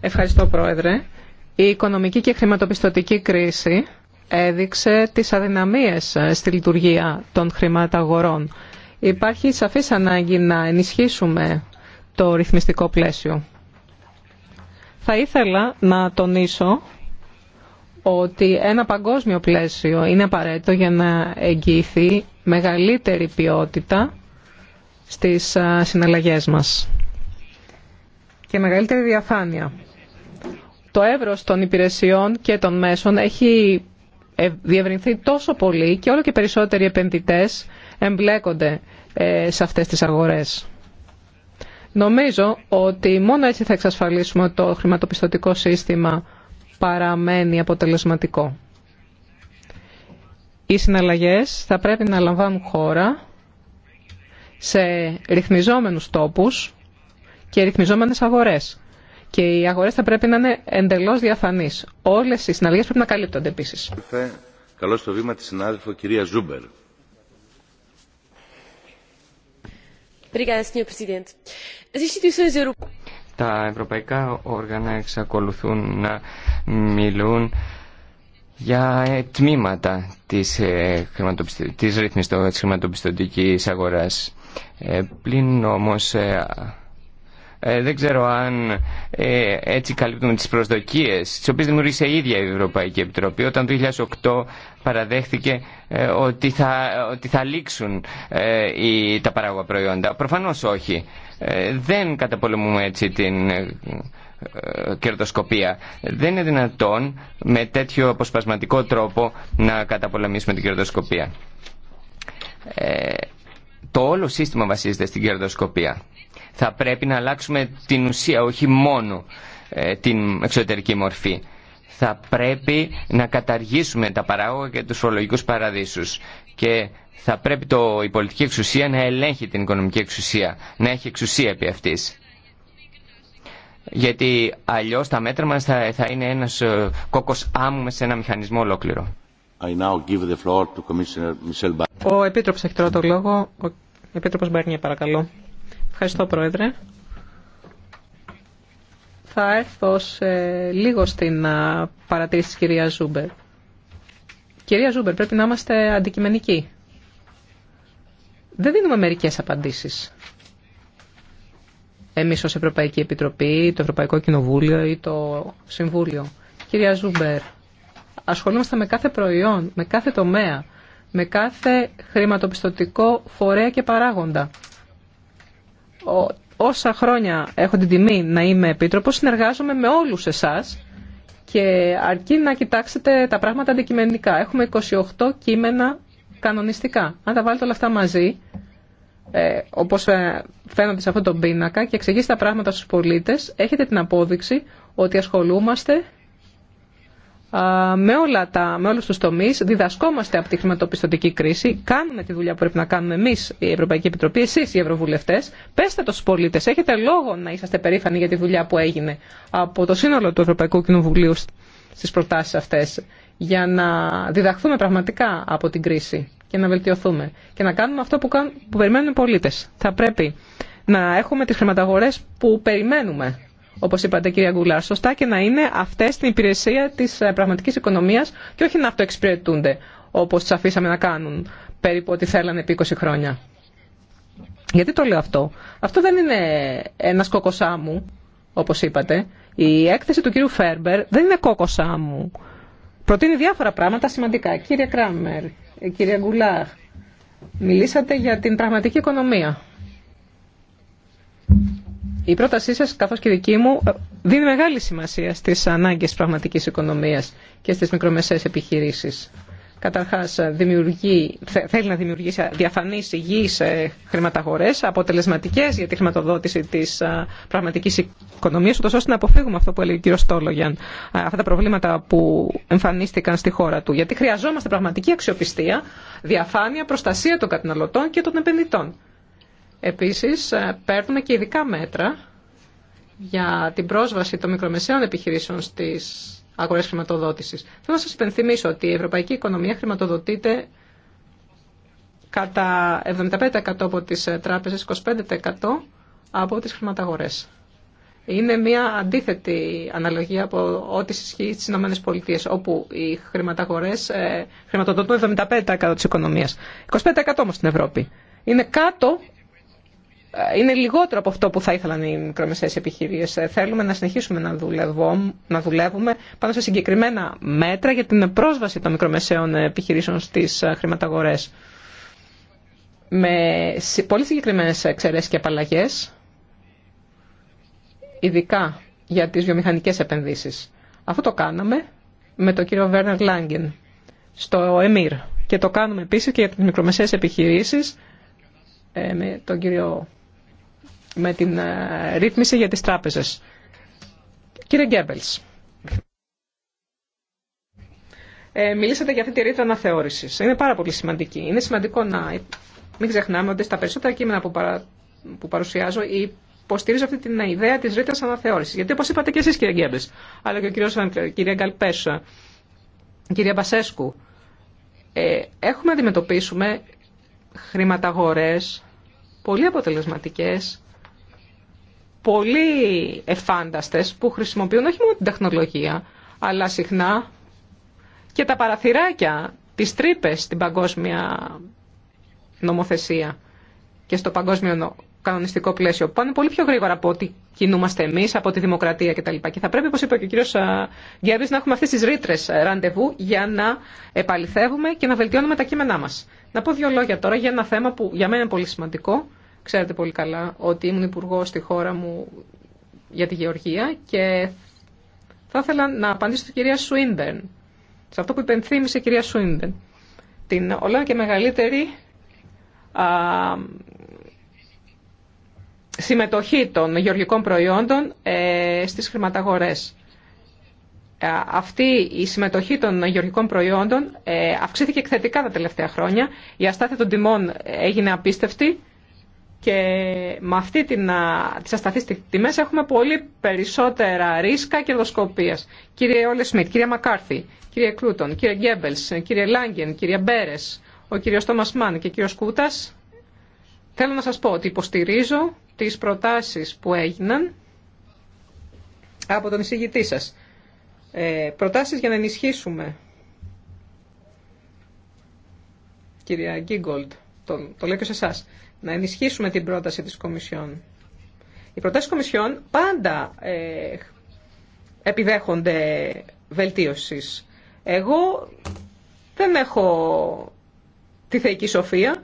Ευχαριστώ, Πρόεδρε. Η οικονομική και χρηματοπιστωτική κρίση έδειξε τις αδυναμίες ε, στη λειτουργία των χρηματαγορών Υπάρχει σαφής ανάγκη να ενισχύσουμε το ρυθμιστικό πλαίσιο. Θα ήθελα να τονίσω ότι ένα παγκόσμιο πλαίσιο είναι απαραίτητο για να εγγυηθεί μεγαλύτερη ποιότητα στις συναλλαγές μας και μεγαλύτερη διαφάνεια. Το εύρος των υπηρεσιών και των μέσων έχει ε, διευρυνθεί τόσο πολύ και όλο και περισσότεροι επενδυτές εμπλέκονται ε, σε αυτές τις αγορές. Νομίζω ότι μόνο έτσι θα εξασφαλίσουμε ότι το χρηματοπιστωτικό σύστημα παραμένει αποτελεσματικό. Οι συναλλαγές θα πρέπει να λαμβάνουν χώρα σε ρυθμιζόμενους τόπους και ρυθμιζόμενες αγορές. Και οι αγορές θα πρέπει να είναι εντελώς διαφανείς. Όλες οι συναλλαγές πρέπει να καλύπτονται επίσης. Καλώς το βήμα τη συνάδελφο κυρία Ζούμπερ. Τα ευρωπαϊκά όργανα εξακολουθούν να μιλούν για ε, τμήματα της, ε, της ρύθμισης της χρηματοπιστωτικής αγοράς. Ε, πλην όμως ε, δεν ξέρω αν ε, έτσι καλύπτουμε τις προσδοκίες τις οποίες δημιούργησε η ίδια η Ευρωπαϊκή Επιτροπή όταν το 2008 παραδέχθηκε ε, ότι, θα, ότι θα λήξουν ε, οι, τα παράγωγα προϊόντα. Προφανώς όχι. Ε, δεν καταπολεμούμε έτσι την κερδοσκοπία. Δεν είναι δυνατόν με τέτοιο αποσπασματικό τρόπο να καταπολεμήσουμε την κερδοσκοπία. Το όλο σύστημα βασίζεται στην κερδοσκοπία. Θα πρέπει να αλλάξουμε την ουσία, όχι μόνο ε, την εξωτερική μορφή. Θα πρέπει να καταργήσουμε τα παράγωγα και τους φορολογικούς παραδείσους και θα πρέπει το, η πολιτική εξουσία να ελέγχει την οικονομική εξουσία, να έχει εξουσία επί αυτής. Γιατί αλλιώς τα μέτρα μας θα, είναι ένας ε, κόκκος άμμου σε ένα μηχανισμό ολόκληρο. Ο Επίτροπος έχει τώρα το λόγο. Ο Επίτροπος παρακαλώ. Ευχαριστώ, Πρόεδρε. Θα έρθω σε λίγο στην παρατήρηση της κυρία Ζούμπερ. Κυρία Ζούμπερ, πρέπει να είμαστε αντικειμενικοί. Δεν δίνουμε μερικές απαντήσεις. Εμείς ως Ευρωπαϊκή Επιτροπή, το Ευρωπαϊκό Κοινοβούλιο ή το Συμβούλιο. Κυρία Ζούμπερ, ασχολούμαστε με κάθε προϊόν, με κάθε τομέα, με κάθε χρηματοπιστωτικό φορέα και παράγοντα όσα χρόνια έχω την τιμή να είμαι επίτροπος, συνεργάζομαι με όλους εσάς και αρκεί να κοιτάξετε τα πράγματα αντικειμενικά. Έχουμε 28 κείμενα κανονιστικά. Αν τα βάλετε όλα αυτά μαζί, ε, όπως φαίνονται σε αυτόν τον πίνακα και εξηγήσετε τα πράγματα στους πολίτες, έχετε την απόδειξη ότι ασχολούμαστε με, όλα τα, με όλους τους τομείς, διδασκόμαστε από τη χρηματοπιστωτική κρίση, κάνουμε τη δουλειά που πρέπει να κάνουμε εμείς η Ευρωπαϊκή Επιτροπή, εσείς οι Ευρωβουλευτές, πέστε το στους πολίτες, έχετε λόγο να είσαστε περήφανοι για τη δουλειά που έγινε από το σύνολο του Ευρωπαϊκού Κοινοβουλίου στις προτάσεις αυτές για να διδαχθούμε πραγματικά από την κρίση και να βελτιωθούμε και να κάνουμε αυτό που, που περιμένουν οι πολίτες. Θα πρέπει να έχουμε τις χρηματαγορές που περιμένουμε όπω είπατε κυρία Γκουλάρ. Σωστά και να είναι αυτέ στην υπηρεσία τη ε, πραγματική οικονομία και όχι να αυτοεξυπηρετούνται όπω τι αφήσαμε να κάνουν περίπου ό,τι θέλανε επί 20 χρόνια. Γιατί το λέω αυτό. Αυτό δεν είναι ένα μου, όπω είπατε. Η έκθεση του κυρίου Φέρμπερ δεν είναι κόκοσά μου. Προτείνει διάφορα πράγματα σημαντικά. Κύριε Κράμερ, ε, κύριε Γκουλάχ, μιλήσατε για την πραγματική οικονομία η πρότασή σας, καθώς και δική μου, ε, δίνει μεγάλη σημασία στις ανάγκες της πραγματικής οικονομίας και στις μικρομεσαίες επιχειρήσεις. Καταρχάς, θέλει να δημιουργήσει διαφανείς υγιείς ε, χρηματαγορές, αποτελεσματικές για τη χρηματοδότηση της ε, πραγματικής οικονομίας, ούτως ώστε να αποφύγουμε αυτό που έλεγε ο κ. Στόλογιαν, αυτά τα προβλήματα που εμφανίστηκαν στη χώρα του. Γιατί χρειαζόμαστε πραγματική αξιοπιστία, διαφάνεια, προστασία των καταναλωτών και των επενδυτών. Επίσης, ε, παίρνουμε και ειδικά μέτρα για την πρόσβαση των μικρομεσαίων επιχειρήσεων στις αγορές χρηματοδότησης. Θέλω να σας υπενθυμίσω ότι η ευρωπαϊκή οικονομία χρηματοδοτείται κατά 75% από τις ε, τράπεζες, 25% από τις χρηματαγορές. Είναι μια αντίθετη αναλογία από ό,τι ισχύει στις Ηνωμένες όπου οι χρηματαγορές ε, χρηματοδοτούν 75% της οικονομίας. 25% όμως στην Ευρώπη. Είναι κάτω είναι λιγότερο από αυτό που θα ήθελαν οι μικρομεσαίες επιχειρήσεις. Ε, θέλουμε να συνεχίσουμε να, να δουλεύουμε πάνω σε συγκεκριμένα μέτρα για την πρόσβαση των μικρομεσαίων επιχειρήσεων στις ε, χρηματαγορές. Με πολύ συγκεκριμένες εξαιρέσεις και απαλλαγές, ειδικά για τις βιομηχανικές επενδύσεις. Αυτό το κάναμε με τον κύριο Βέρνερ Λάγκεν στο ΕΜΙΡ και το κάνουμε επίσης και για τις μικρομεσαίες επιχειρήσεις ε, με τον κύριο με την ε, ρύθμιση για τις τράπεζες. Κύριε Γκέμπελς, ε, μιλήσατε για αυτή τη ρήτρα αναθεώρησης. Είναι πάρα πολύ σημαντική. Είναι σημαντικό να μην ξεχνάμε ότι στα περισσότερα κείμενα που, παρα... που παρουσιάζω υποστηρίζω αυτή την ιδέα της ρήτρας αναθεώρησης. Γιατί όπως είπατε και εσείς κύριε Γκέμπελς, αλλά και ο κύριος κύριε κύριε κυρία Μπασέσκου, ε, έχουμε να αντιμετωπίσουμε χρηματαγορές πολύ αποτελεσματικέ πολύ εφάνταστες που χρησιμοποιούν όχι μόνο την τεχνολογία, αλλά συχνά και τα παραθυράκια, τις τρύπε στην παγκόσμια νομοθεσία και στο παγκόσμιο κανονιστικό πλαίσιο. που Πάνε πολύ πιο γρήγορα από ό,τι κινούμαστε εμεί, από τη δημοκρατία κτλ. Και θα πρέπει, όπω είπε και ο κύριο Γκέρβη, να έχουμε αυτέ τι ρήτρε ε, ραντεβού για να επαληθεύουμε και να βελτιώνουμε τα κείμενά μα. Να πω δύο λόγια τώρα για ένα θέμα που για μένα είναι πολύ σημαντικό Ξέρετε πολύ καλά ότι ήμουν υπουργό στη χώρα μου για τη Γεωργία και θα ήθελα να απαντήσω στην κυρία Σουίντερν, σε αυτό που υπενθύμησε η κυρία Σουίντερν, Την όλα και μεγαλύτερη α, συμμετοχή των γεωργικών προϊόντων ε, στις χρηματαγορές. Ε, αυτή η συμμετοχή των γεωργικών προϊόντων ε, αυξήθηκε εκθετικά τα τελευταία χρόνια. Η αστάθεια των τιμών ε, έγινε απίστευτη και με αυτή την, τις ασταθείς τιμές έχουμε πολύ περισσότερα ρίσκα κερδοσκοπία. Κύριε Όλε Σμιτ, κύριε Μακάρθη, κύριε Κλούτον, κύριε Γκέμπελ, κύριε Λάγκεν, κύριε Μπέρε, ο κύριος Τόμα Μάν και κύριος Κούτας, θέλω να σας πω ότι υποστηρίζω τις προτάσεις που έγιναν από τον εισηγητή σα. Ε, για να ενισχύσουμε, κυρία Γκίγκολτ, το, το λέω και σε εσάς, να ενισχύσουμε την πρόταση της Κομισιόν. Οι προτάσεις της Κομισιόν πάντα ε, επιδέχονται βελτίωσης. Εγώ δεν έχω τη θεϊκή σοφία.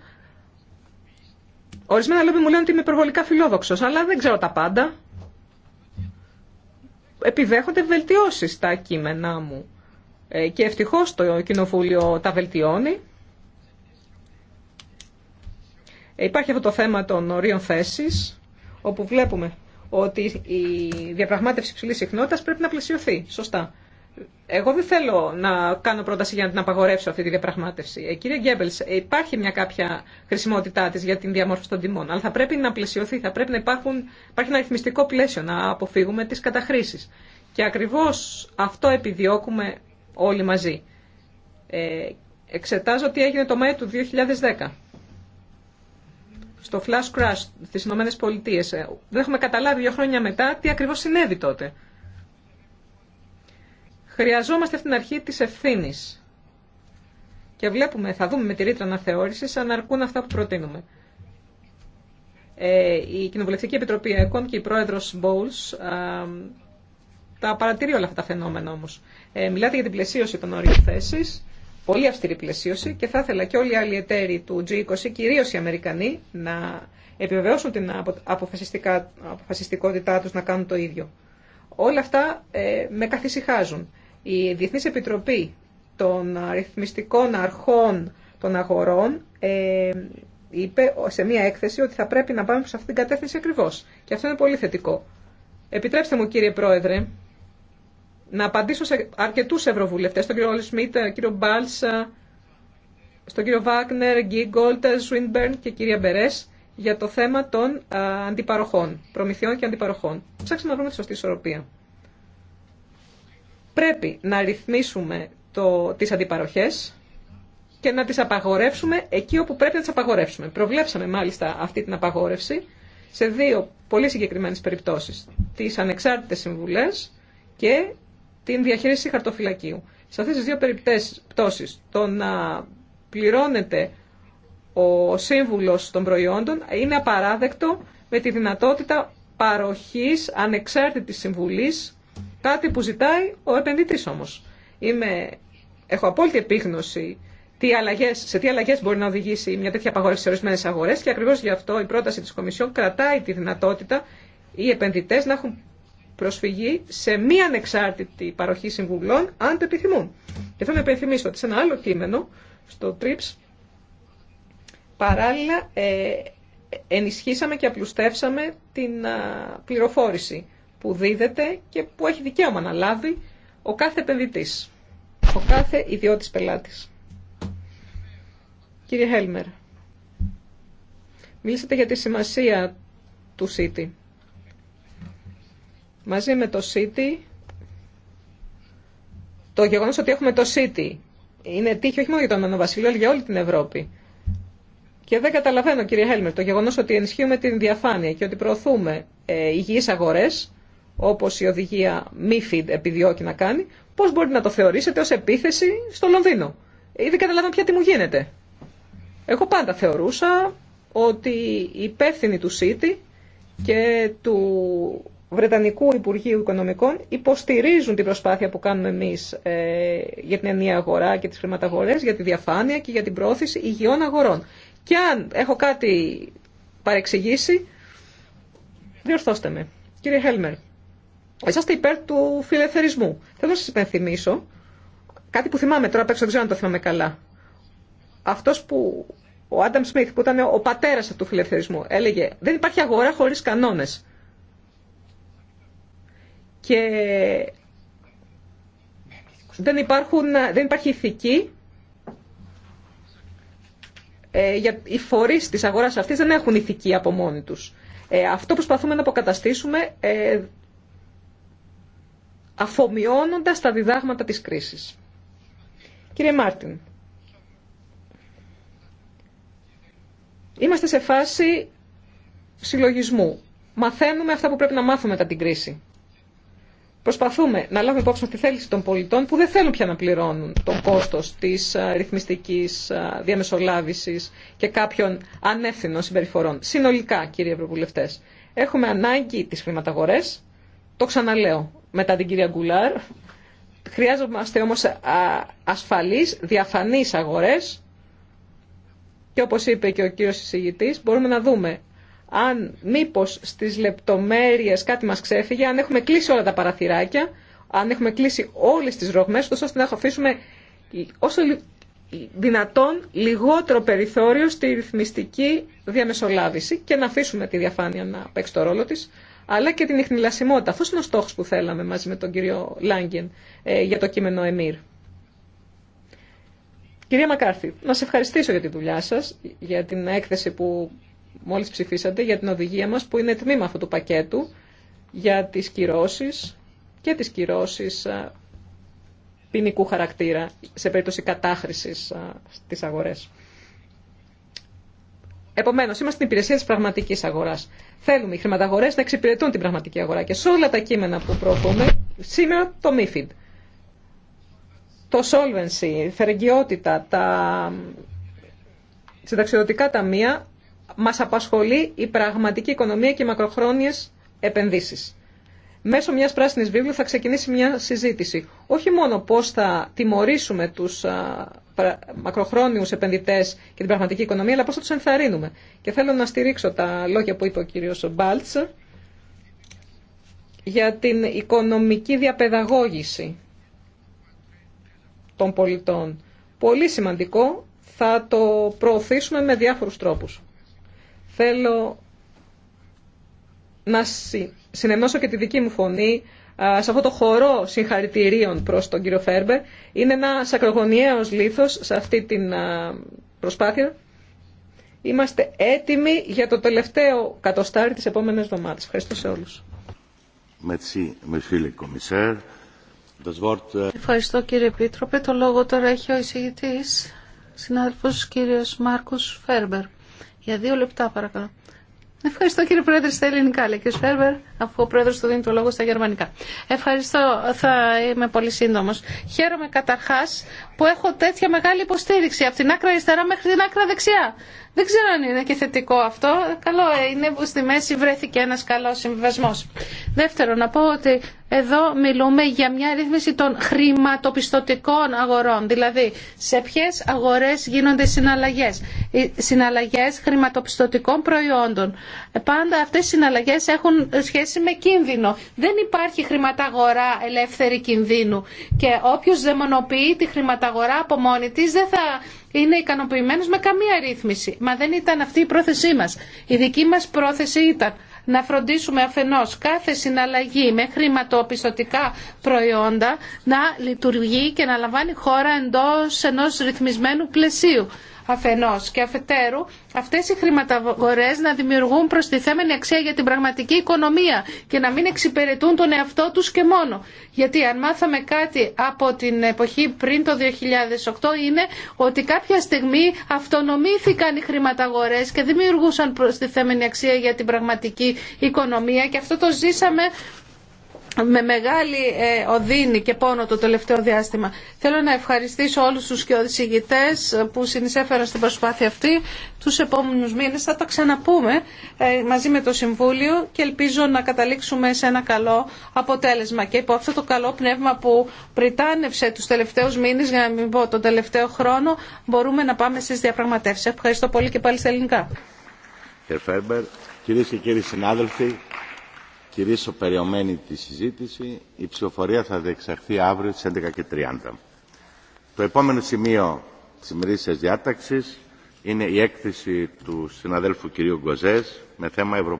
Ορισμένα λόγια μου λένε ότι είμαι υπερβολικά φιλόδοξος, αλλά δεν ξέρω τα πάντα. Επιδέχονται βελτιώσεις τα κείμενά μου. Ε, και ευτυχώς το Κοινοβούλιο τα βελτιώνει. Υπάρχει αυτό το θέμα των ορίων θέση, όπου βλέπουμε ότι η διαπραγμάτευση υψηλή συχνότητα πρέπει να πλαισιωθεί. Σωστά. Εγώ δεν θέλω να κάνω πρόταση για να την απαγορεύσω αυτή τη διαπραγμάτευση. Ε, κύριε Γκέμπελ, υπάρχει μια κάποια χρησιμότητά τη για την διαμόρφωση των τιμών, αλλά θα πρέπει να πλαισιωθεί, θα πρέπει να υπάρχουν, υπάρχει ένα ρυθμιστικό πλαίσιο, να αποφύγουμε τι καταχρήσει. Και ακριβώ αυτό επιδιώκουμε όλοι μαζί. Ε, εξετάζω τι έγινε το Μάιο του 2010 στο flash crash στις Ηνωμένες Πολιτείες. Ε, δεν έχουμε καταλάβει δύο χρόνια μετά τι ακριβώς συνέβη τότε. Χρειαζόμαστε αυτήν την αρχή της ευθύνη. Και βλέπουμε, θα δούμε με τη ρήτρα αναθεώρησης αν αρκούν αυτά που προτείνουμε. Ε, η Κοινοβουλευτική Επιτροπή ΕΚΟΝ και η Πρόεδρος Μπόλς τα παρατηρεί όλα αυτά τα φαινόμενα όμως. Ε, μιλάτε για την πλαισίωση των ορίων θέσης πολύ αυστηρή πλαισίωση και θα ήθελα και όλοι οι άλλοι εταίροι του G20, κυρίω οι Αμερικανοί, να επιβεβαιώσουν την αποφασιστικότητά τους να κάνουν το ίδιο. Όλα αυτά ε, με καθησυχάζουν. Η Διεθνής Επιτροπή των Αριθμιστικών Αρχών των Αγορών ε, είπε σε μία έκθεση ότι θα πρέπει να πάμε σε αυτή την κατεύθυνση ακριβώς. Και αυτό είναι πολύ θετικό. Επιτρέψτε μου κύριε Πρόεδρε, να απαντήσω σε αρκετούς ευρωβουλευτές, τον κύριο Όλισμίτ, τον κύριο Μπάλσα, στον κύριο Βάκνερ, Γκίγκολτ, Σουίνμπερν και κυρία Μπερέ για το θέμα των αντιπαροχών, προμηθειών και αντιπαροχών. Ψάξτε να βρούμε τη σωστή ισορροπία. Πρέπει να ρυθμίσουμε το, τις αντιπαροχές και να τις απαγορεύσουμε εκεί όπου πρέπει να τις απαγορεύσουμε. Προβλέψαμε μάλιστα αυτή την απαγόρευση σε δύο πολύ συγκεκριμένες περιπτώσεις. Τις ανεξάρτητες συμβουλές και την διαχείριση χαρτοφυλακίου. Σε αυτές τις δύο περιπτώσεις, το να πληρώνεται ο σύμβουλος των προϊόντων είναι απαράδεκτο με τη δυνατότητα παροχής ανεξάρτητης συμβουλής, κάτι που ζητάει ο επενδυτής όμως. Είμαι, έχω απόλυτη επίγνωση τι αλλαγές, σε τι αλλαγές μπορεί να οδηγήσει μια τέτοια απαγόρευση σε ορισμένε αγορέ και ακριβώς γι' αυτό η πρόταση της Κομισιόν κρατάει τη δυνατότητα οι επενδυτέ να έχουν προσφυγή σε μη ανεξάρτητη παροχή συμβουλών, αν το επιθυμούν. Και θέλω να υπενθυμίσω ότι σε ένα άλλο κείμενο, στο TRIPS, παράλληλα ε, ενισχύσαμε και απλουστεύσαμε την α, πληροφόρηση που δίδεται και που έχει δικαίωμα να λάβει ο κάθε επενδυτής, ο κάθε ιδιώτης πελάτης. Κύριε Χέλμερ, μίλησατε για τη σημασία του city. Μαζί με το City, το γεγονός ότι έχουμε το City είναι τύχη όχι μόνο για τον Βασίλειο, αλλά για όλη την Ευρώπη. Και δεν καταλαβαίνω, κύριε Χέλμερ, το γεγονό ότι ενισχύουμε την διαφάνεια και ότι προωθούμε ε, υγιεί αγορέ, όπω η οδηγία MIFID επιδιώκει να κάνει, πώ μπορείτε να το θεωρήσετε ω επίθεση στο Λονδίνο. Ήδη καταλαβαίνω πια τι μου γίνεται. Εγώ πάντα θεωρούσα ότι η υπεύθυνη του City και του Βρετανικού Υπουργείου Οικονομικών υποστηρίζουν την προσπάθεια που κάνουμε εμείς ε, για την ενιαία αγορά και τι χρηματαγορέ, για τη διαφάνεια και για την πρόθεση υγιών αγορών. Και αν έχω κάτι παρεξηγήσει, διορθώστε με. Κύριε Χέλμερ, είστε υπέρ του φιλελευθερισμού. Θέλω να σα υπενθυμίσω κάτι που θυμάμαι τώρα, απ' δεν ξέρω αν το θυμάμαι καλά. Αυτό που, ο Άνταμ Σμιθ, που ήταν ο πατέρα του φιλελευθερισμού, έλεγε «Δεν υπάρχει αγορά χωρί κανόνε και δεν, υπάρχουν, δεν υπάρχει ηθική ε, για, οι φορείς της αγοράς αυτής δεν έχουν ηθική από μόνοι τους. Ε, αυτό προσπαθούμε να αποκαταστήσουμε ε, αφομοιώνοντας τα διδάγματα της κρίσης. Κύριε Μάρτιν, είμαστε σε φάση συλλογισμού. Μαθαίνουμε αυτά που πρέπει να μάθουμε μετά την κρίση. Προσπαθούμε να λάβουμε υπόψη τη θέληση των πολιτών που δεν θέλουν πια να πληρώνουν το κόστος της ρυθμιστικής διαμεσολάβησης και κάποιων ανεύθυνων συμπεριφορών. Συνολικά, κύριε Ευρωβουλευτέ, έχουμε ανάγκη τις χρηματαγορές. Το ξαναλέω μετά την κυρία Γκουλάρ. Χρειάζομαστε όμως ασφαλείς, διαφανείς αγορές και όπως είπε και ο κύριος εισηγητής, μπορούμε να δούμε αν μήπως στις λεπτομέρειες κάτι μας ξέφυγε, αν έχουμε κλείσει όλα τα παραθυράκια, αν έχουμε κλείσει όλες τις ρογμές, ώστε να αφήσουμε όσο δυνατόν λιγότερο περιθώριο στη ρυθμιστική διαμεσολάβηση και να αφήσουμε τη διαφάνεια να παίξει το ρόλο της, αλλά και την ιχνηλασιμότητα. Αυτός είναι ο στόχος που θέλαμε μαζί με τον κύριο Λάγκεν ε, για το κείμενο ΕΜΙΡ. Κυρία Μακάρθη, να σε ευχαριστήσω για τη δουλειά σας, για την έκθεση που μόλις ψηφίσατε για την οδηγία μας που είναι τμήμα αυτού του πακέτου για τις κυρώσεις και τις κυρώσεις ποινικού χαρακτήρα σε περίπτωση κατάχρησης στις αγορές. Επομένω, είμαστε στην υπηρεσία τη πραγματική αγορά. Θέλουμε οι χρηματαγορές να εξυπηρετούν την πραγματική αγορά και σε όλα τα κείμενα που προωθούμε, σήμερα το MIFID. Το solvency, η φερεγγιότητα, τα συνταξιδοτικά ταμεία μας απασχολεί η πραγματική οικονομία και οι μακροχρόνιες επενδύσεις. Μέσω μιας πράσινης βίβλου θα ξεκινήσει μια συζήτηση. Όχι μόνο πώς θα τιμωρήσουμε τους μακροχρόνιους επενδυτές και την πραγματική οικονομία, αλλά πώς θα τους ενθαρρύνουμε. Και θέλω να στηρίξω τα λόγια που είπε ο κύριος Μπάλτς για την οικονομική διαπαιδαγώγηση των πολιτών. Πολύ σημαντικό, θα το προωθήσουμε με διάφορους τρόπους. Θέλω να συνενώσω και τη δική μου φωνή σε αυτό το χορό συγχαρητηρίων προς τον κύριο Φέρμπερ. Είναι ένα σακρογωνιαίος λήθος σε αυτή την προσπάθεια. Είμαστε έτοιμοι για το τελευταίο κατοστάρι της επόμενης εβδομάδα. Ευχαριστώ σε όλους. Uh, Ευχαριστώ κύριε Επίτροπε. Το λόγο τώρα έχει ο εισηγητής, συνάδελφος κύριος Μάρκος Φέρμπερ. Για δύο λεπτά παρακαλώ. Ευχαριστώ κύριε Πρόεδρε στα ελληνικά, λέει και Σφέρβερ, αφού ο Πρόεδρος του δίνει το λόγο στα γερμανικά. Ευχαριστώ, θα είμαι πολύ σύντομο. Χαίρομαι καταρχάς που έχω τέτοια μεγάλη υποστήριξη από την άκρα αριστερά μέχρι την άκρα δεξιά. Δεν ξέρω αν είναι και θετικό αυτό. Καλό ε, είναι που στη μέση βρέθηκε ένα καλό συμβιβασμό. Δεύτερον, να πω ότι εδώ μιλούμε για μια ρύθμιση των χρηματοπιστωτικών αγορών, δηλαδή σε ποιες αγορές γίνονται συναλλαγές. Οι συναλλαγές χρηματοπιστωτικών προϊόντων. Πάντα αυτές οι συναλλαγές έχουν σχέση με κίνδυνο. Δεν υπάρχει χρηματαγορά ελεύθερη κινδύνου και όποιος δαιμονοποιεί τη χρηματαγορά από μόνη της δεν θα είναι ικανοποιημένος με καμία ρύθμιση. Μα δεν ήταν αυτή η πρόθεσή μας. Η δική μας πρόθεση ήταν να φροντίσουμε αφενός κάθε συναλλαγή με χρηματοπιστωτικά προϊόντα να λειτουργεί και να λαμβάνει χώρα εντός ενός ρυθμισμένου πλαισίου αφενός και αφετέρου αυτές οι χρηματαγορές να δημιουργούν προστιθέμενη αξία για την πραγματική οικονομία και να μην εξυπηρετούν τον εαυτό τους και μόνο. Γιατί αν μάθαμε κάτι από την εποχή πριν το 2008 είναι ότι κάποια στιγμή αυτονομήθηκαν οι χρηματαγορές και δημιουργούσαν προστιθέμενη αξία για την πραγματική οικονομία και αυτό το ζήσαμε με μεγάλη ε, οδύνη και πόνο το τελευταίο διάστημα. Θέλω να ευχαριστήσω όλους τους και ε, που συνεισέφεραν στην προσπάθεια αυτή. Τους επόμενους μήνες θα τα ξαναπούμε ε, μαζί με το Συμβούλιο και ελπίζω να καταλήξουμε σε ένα καλό αποτέλεσμα. Και υπό αυτό το καλό πνεύμα που πριτάνευσε τους τελευταίους μήνες, για να μην πω τον τελευταίο χρόνο, μπορούμε να πάμε στις διαπραγματεύσεις. Ευχαριστώ πολύ και πάλι στα ελληνικά. Κύριε Φέρμπερ, συνάδελφοι, κυρίσω περιομένη τη συζήτηση. Η ψηφοφορία θα διεξαχθεί αύριο στις 11.30. Το επόμενο σημείο της ημερήσιας διάταξης είναι η έκθεση του συναδέλφου κυρίου Γκοζές με θέμα Ευρωπαϊκή.